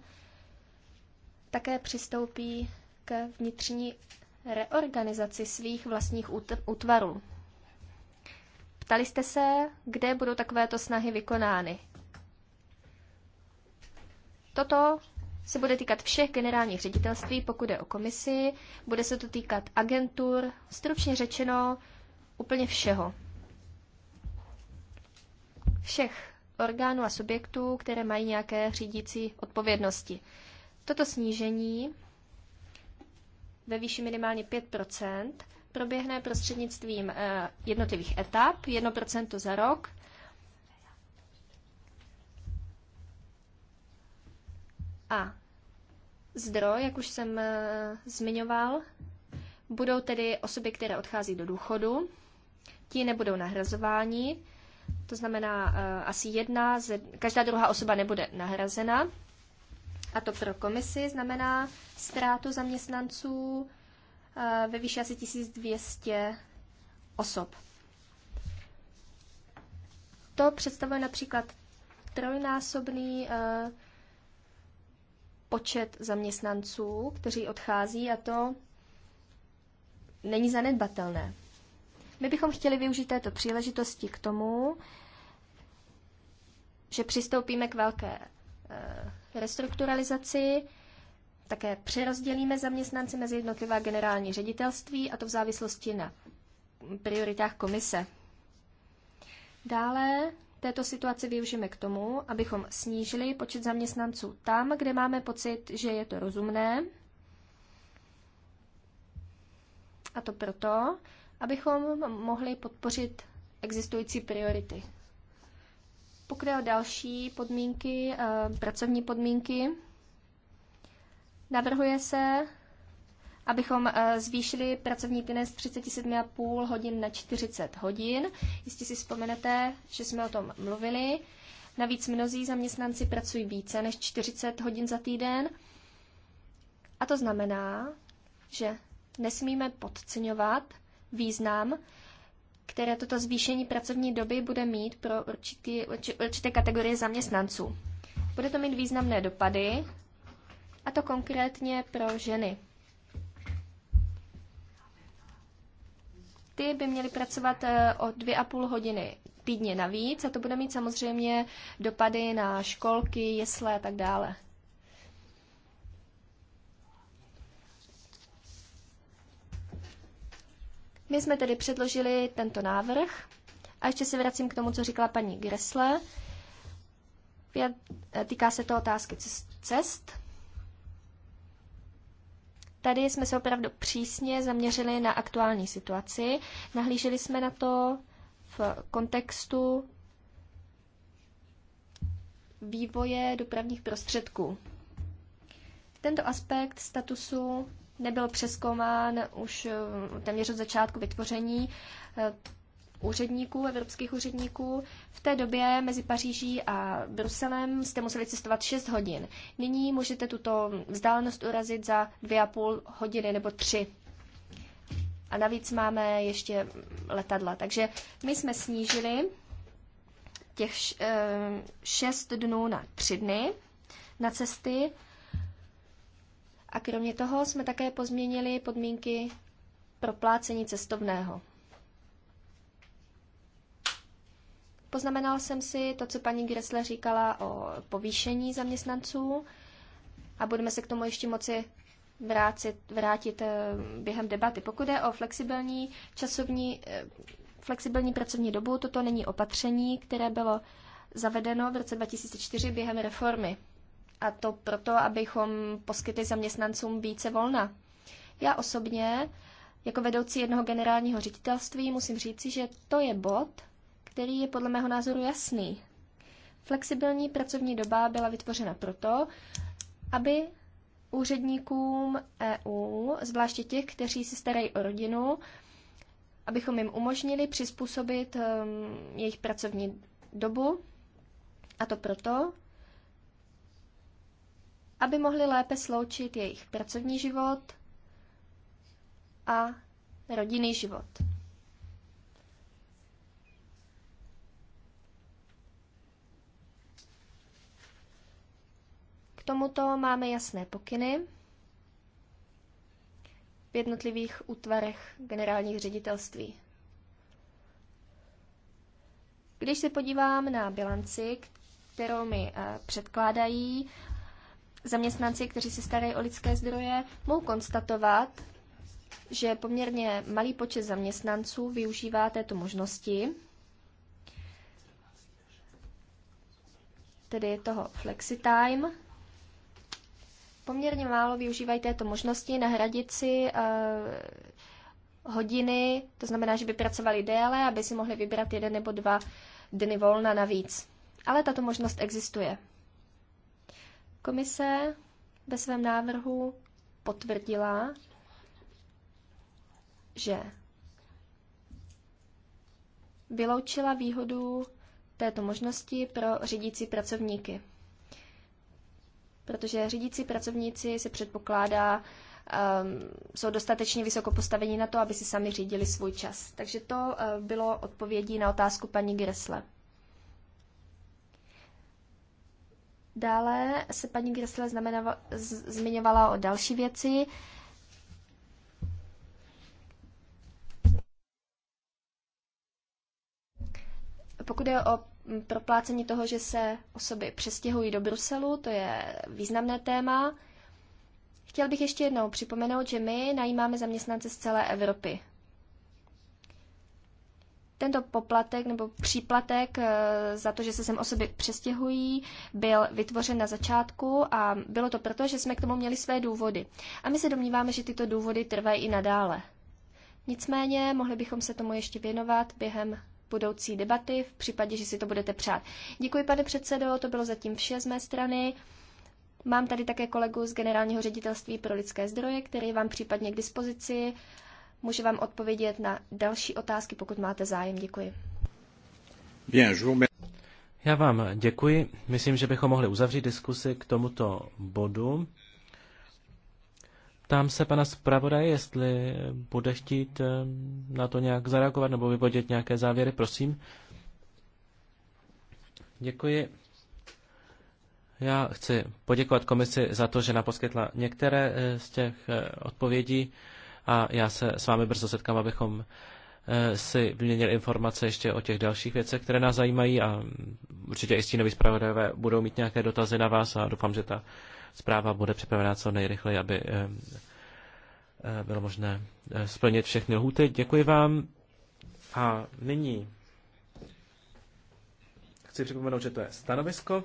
také přistoupí k vnitřní reorganizaci svých vlastních útvarů. Ptali jste se, kde budou takovéto snahy vykonány. Toto se bude týkat všech generálních ředitelství, pokud je o komisi, bude se to týkat agentur, stručně řečeno úplně všeho. Všech orgánů a subjektů, které mají nějaké řídící odpovědnosti. Toto snížení ve výši minimálně 5 proběhne prostřednictvím eh, jednotlivých etap, 1 za rok, a zdroj, jak už jsem eh, zmiňoval, budou tedy osoby, které odchází do důchodu. Ti nebudou nahrazováni, to znamená eh, asi jedna, ze každá druhá osoba nebude nahrazena. A to pro komisi znamená ztrátu zaměstnanců eh, ve výši asi 1200 osob. To představuje například trojnásobný počet zaměstnanců, kteří odchází a to není zanedbatelné. My bychom chtěli využít této příležitosti k tomu, že přistoupíme k velké eh, restrukturalizaci, také přerozdělíme zaměstnance mezi jednotlivá generální ředitelství a to v závislosti na prioritách komise. Dále této situaci využijeme k tomu, abychom snížili počet zaměstnanců tam, kde máme pocit, že je to rozumné. A to proto, abychom mohli podpořit existující priority. Pokud o další podmínky, eh, pracovní podmínky, navrhuje se abychom eh, zvýšili pracovní týden z 37,5 hodin na 40 hodin. Jistě si vzpomenete, že jsme o tom mluvili. Navíc mnozí zaměstnanci pracují více než 40 hodin za týden. A to znamená, že nesmíme podceňovat význam, které toto zvýšení pracovní doby bude mít pro určitý, určité kategorie zaměstnanců. Bude to mít významné dopady, a to konkrétně pro ženy. Ty by měly pracovat eh, o dvě a půl hodiny týdně navíc a to bude mít samozřejmě dopady na školky, jesle a tak dále. My jsme tedy předložili tento návrh a ještě se vracím k tomu, co říkala paní Gressle. Eh, týká se to otázky cest. Tady jsme se opravdu přísně zaměřili na aktuální situaci. Nahlíželi jsme na to v kontextu vývoje dopravních prostředků. Tento aspekt statusu nebyl přeskoumán už eh, téměř od začátku vytvoření eh, úředníků, evropských úředníků. V té době mezi Paříží a Bruselem jste museli cestovat 6 hodin. Nyní můžete tuto vzdálenost urazit za 2,5 hodiny nebo 3. A navíc máme ještě letadla. Takže my jsme snížili těch 6 eh, dnů na 3 dny na cesty. A kromě toho jsme také pozměnili podmínky pro plácení cestovného. poznamenala jsem si to, co paní Gressler říkala o povýšení zaměstnanců a budeme se k tomu ještě moci vrátit, vrátit eh, během debaty. Pokud je o flexibilní časovní, eh, flexibilní pracovní dobu, toto není opatření, které bylo zavedeno v roce 2004 během reformy. A to proto, abychom poskytli zaměstnancům více volna. Já osobně, jako vedoucí jednoho generálního ředitelství, musím říci, že to je bod, který je podle mého názoru jasný. Flexibilní pracovní doba byla vytvořena proto, aby úředníkům EU, zvláště těch, kteří se starají o rodinu, abychom jim umožnili přizpůsobit um, jejich pracovní dobu, a to proto, aby mohli lépe sloučit jejich pracovní život a rodinný život. tomuto máme jasné pokyny v jednotlivých útvarech generálních ředitelství. Když se podívám na bilanci, kterou mi eh, předkládají zaměstnanci, kteří se starají o lidské zdroje, mohu konstatovat, že poměrně malý počet zaměstnanců využívá této možnosti, tedy toho flexitime, poměrně málo využívají této možnosti nahradit si uh, hodiny, to znamená, že by pracovali déle, aby si mohli vybrat jeden nebo dva dny volna navíc. Ale tato možnost existuje. Komise ve svém návrhu potvrdila, že vyloučila výhodu této možnosti pro řídící pracovníky protože řídící pracovníci se předpokládá, um, jsou dostatečně vysoko postaveni na to, aby si sami řídili svůj čas. Takže to uh, bylo odpovědí na otázku paní Gresle. Dále se paní Gresle zmiňovala o další věci. Pokud je o proplácení toho, že se osoby přestěhují do Bruselu, to je významné téma. Chtěl bych ještě jednou připomenout, že my najímáme zaměstnance z celé Evropy. Tento poplatek nebo příplatek e, za to, že se sem osoby přestěhují, byl vytvořen na začátku a bylo to proto, že jsme k tomu měli své důvody. A my se domníváme, že tyto důvody trvají i nadále. Nicméně mohli bychom se tomu ještě věnovat během budoucí debaty v případě, že si to budete přát. Děkuji, pane předsedo, to bylo zatím vše z mé strany. Mám tady také kolegu z Generálního ředitelství pro lidské zdroje, který vám případně k dispozici. Může vám odpovědět na další otázky, pokud máte zájem. Děkuji. Já vám děkuji. Myslím, že bychom mohli uzavřít diskusi k tomuto bodu. Ptám se pana zpravodaje, jestli bude chtít eh, na to nějak zareagovat nebo vyvodit nějaké závěry, prosím. Děkuji. Já chci poděkovat komisi za to, že nám poskytla některé eh, z těch eh, odpovědí a já se s vámi brzo setkám, abychom si vyměnili informace ještě o těch dalších věcech, které nás zajímají a mm, určitě i stínoví zpravodajové budou mít nějaké dotazy na vás a doufám, že ta zpráva bude připravená co nejrychleji, aby eh, eh, bylo možné eh, splnit všechny lhůty. Děkuji vám a nyní chci připomenout, že to je stanovisko.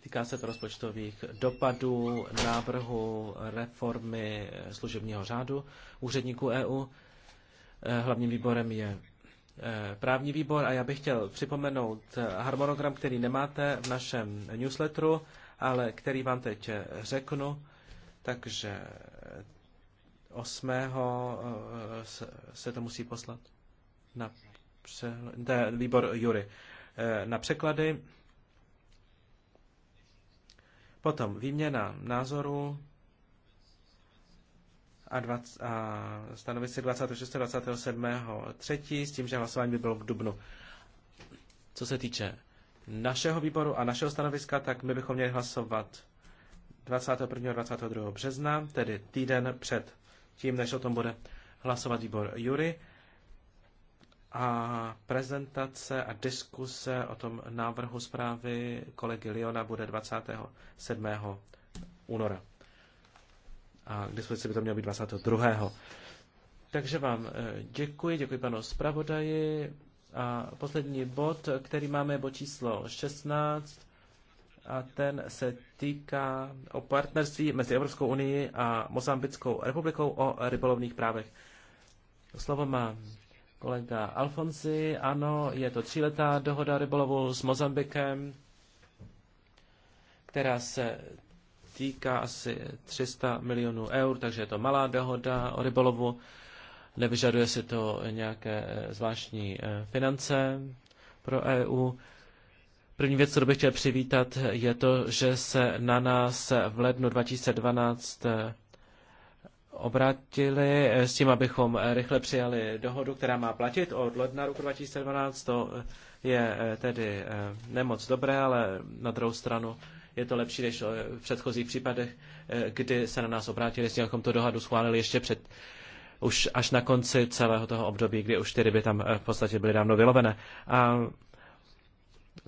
Týká se to rozpočtových dopadů návrhu reformy služebního řádu úředníků EU. Hlavním výborem je právní výbor a já bych chtěl připomenout harmonogram, který nemáte v našem newsletteru ale který vám teď řeknu. Takže 8. Eh, se to musí poslat na pře- ne, výbor Jury eh, na překlady. Potom výměna názoru a, 20, a stanovici 26. 27. 3. s tím, že hlasování by bylo v Dubnu. Co se týče našeho výboru a našeho stanoviska, tak my bychom měli hlasovat 21. a 22. března, tedy týden před tím, než o tom bude hlasovat výbor Jury. A prezentace a diskuse o tom návrhu zprávy kolegy Liona bude 27. února. A k dispozici by to mělo být 22. Takže vám eh, děkuji, děkuji panu zpravodaji. A poslední bod, který máme, je bod číslo 16 a ten se týká o partnerství mezi Evropskou unii a Mozambickou republikou o rybolovných právech. Slovo má kolega Alfonsi. Ano, je to tříletá dohoda rybolovu s Mozambikem, která se týká asi 300 milionů eur, takže je to malá dohoda o rybolovu nevyžaduje si to nějaké eh, zvláštní eh, finance pro EU. První věc, kterou bych chtěl přivítat, je to, že se na nás v lednu 2012 eh, obrátili s tím, abychom rychle přijali dohodu, která má platit od ledna roku 2012. To je tedy nemoc dobré, ale na druhou stranu je to lepší než v předchozích případech, kdy se na nás obrátili s tím, abychom to dohodu schválili ještě před už až na konci celého toho období, kdy už ty ryby tam eh, v podstatě byly dávno vylovené. A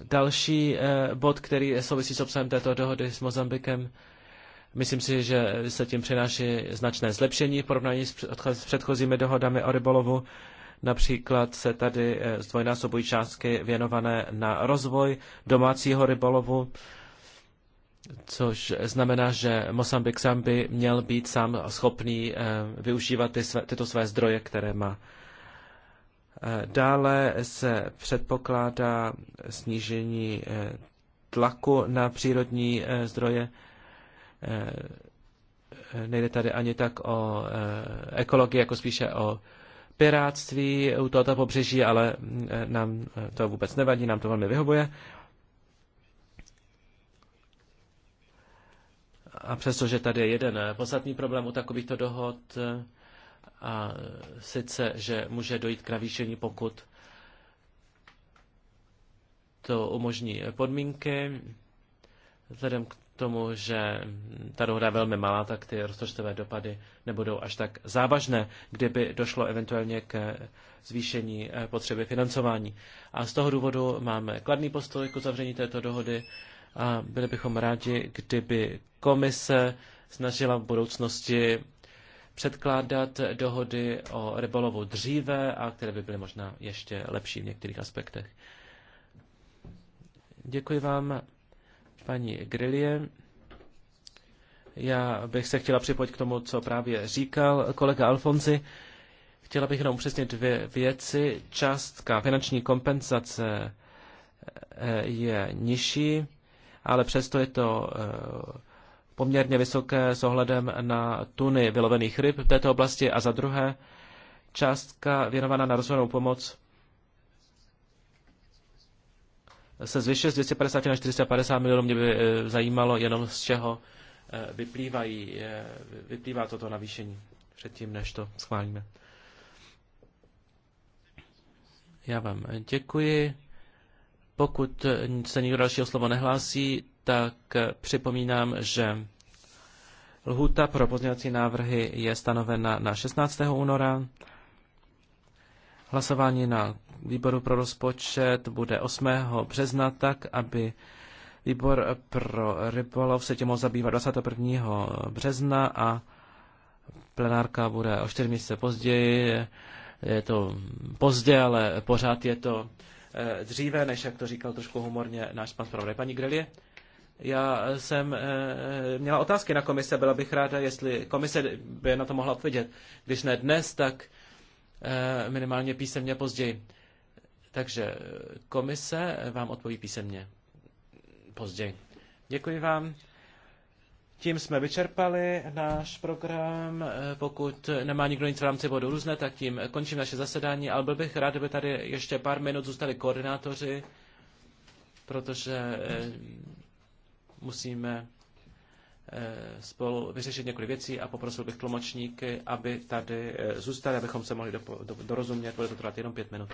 další eh, bod, který souvisí s obsahem této dohody s Mozambikem, Myslím si, že se tím přináší značné zlepšení v porovnání s předchozími dohodami o rybolovu. Například se tady eh, zdvojnásobují částky věnované na rozvoj domácího rybolovu což znamená, že Mosambik sám by měl být sám schopný eh, využívat ty své, tyto své zdroje, které má. Eh, dále se předpokládá snížení eh, tlaku na přírodní zdroje. Nejde tady ani tak o ekologii, jako spíše o piráctví u tohoto pobřeží, ale mm, nám to vůbec nevadí, nám to velmi vyhovuje. A přestože tady je jeden podstatný problém u takovýchto dohod, a sice, že může dojít k navýšení pokud to umožní podmínky, vzhledem k tomu, že ta dohoda je velmi malá, tak ty rozpočtové dopady nebudou až tak závažné, kdyby došlo eventuálně k zvýšení eh, potřeby financování. A z toho důvodu máme kladný postoj k uzavření této dohody a byli bychom rádi, kdyby komise snažila v budoucnosti předkládat dohody o rybolovu dříve a které by byly možná ještě lepší v některých aspektech. Děkuji vám, paní Grillie. Já bych se chtěla připojit k tomu, co právě říkal kolega Alfonzi. Chtěla bych jenom přesně dvě věci. Částka finanční kompenzace eh, je nižší ale přesto je to eh, poměrně vysoké s ohledem na tuny vylovených ryb v této oblasti a za druhé částka věnovaná na rozvojovou pomoc se zvyšuje z 250 na 450 milionů. Mě by eh, zajímalo jenom z čeho eh, vyplývají, vyplývá toto navýšení předtím, než to schválíme. Já vám děkuji. Pokud se nikdo dalšího slova nehlásí, tak připomínám, že lhuta pro pozměňovací návrhy je stanovena na 16. února. Hlasování na výboru pro rozpočet bude 8. března tak, aby výbor pro rybolov se tím mohl zabývat 21. března a plenárka bude o 4 měsíce později. Je to pozdě, ale pořád je to Eh, dříve, než jak to říkal trošku humorně náš pan zpravodaj. Paní Grelie, já jsem eh, měla otázky na komise, byla bych ráda, jestli komise by na to mohla odpovědět. Když ne dnes, tak eh, minimálně písemně později. Takže komise vám odpoví písemně později. Děkuji vám. Tím jsme vyčerpali náš program. Eh, Pokud nemá nikdo nic v rámci bodu různé, tak tím končím naše zasedání, ale byl bych rád, kdyby tady ještě pár minut zůstali koordinátoři, protože eh, musíme eh, spolu vyřešit několik věcí a poprosil bych tlumočníky, aby tady zůstali, abychom se mohli dorozumět. Bude to trvat jenom pět minut.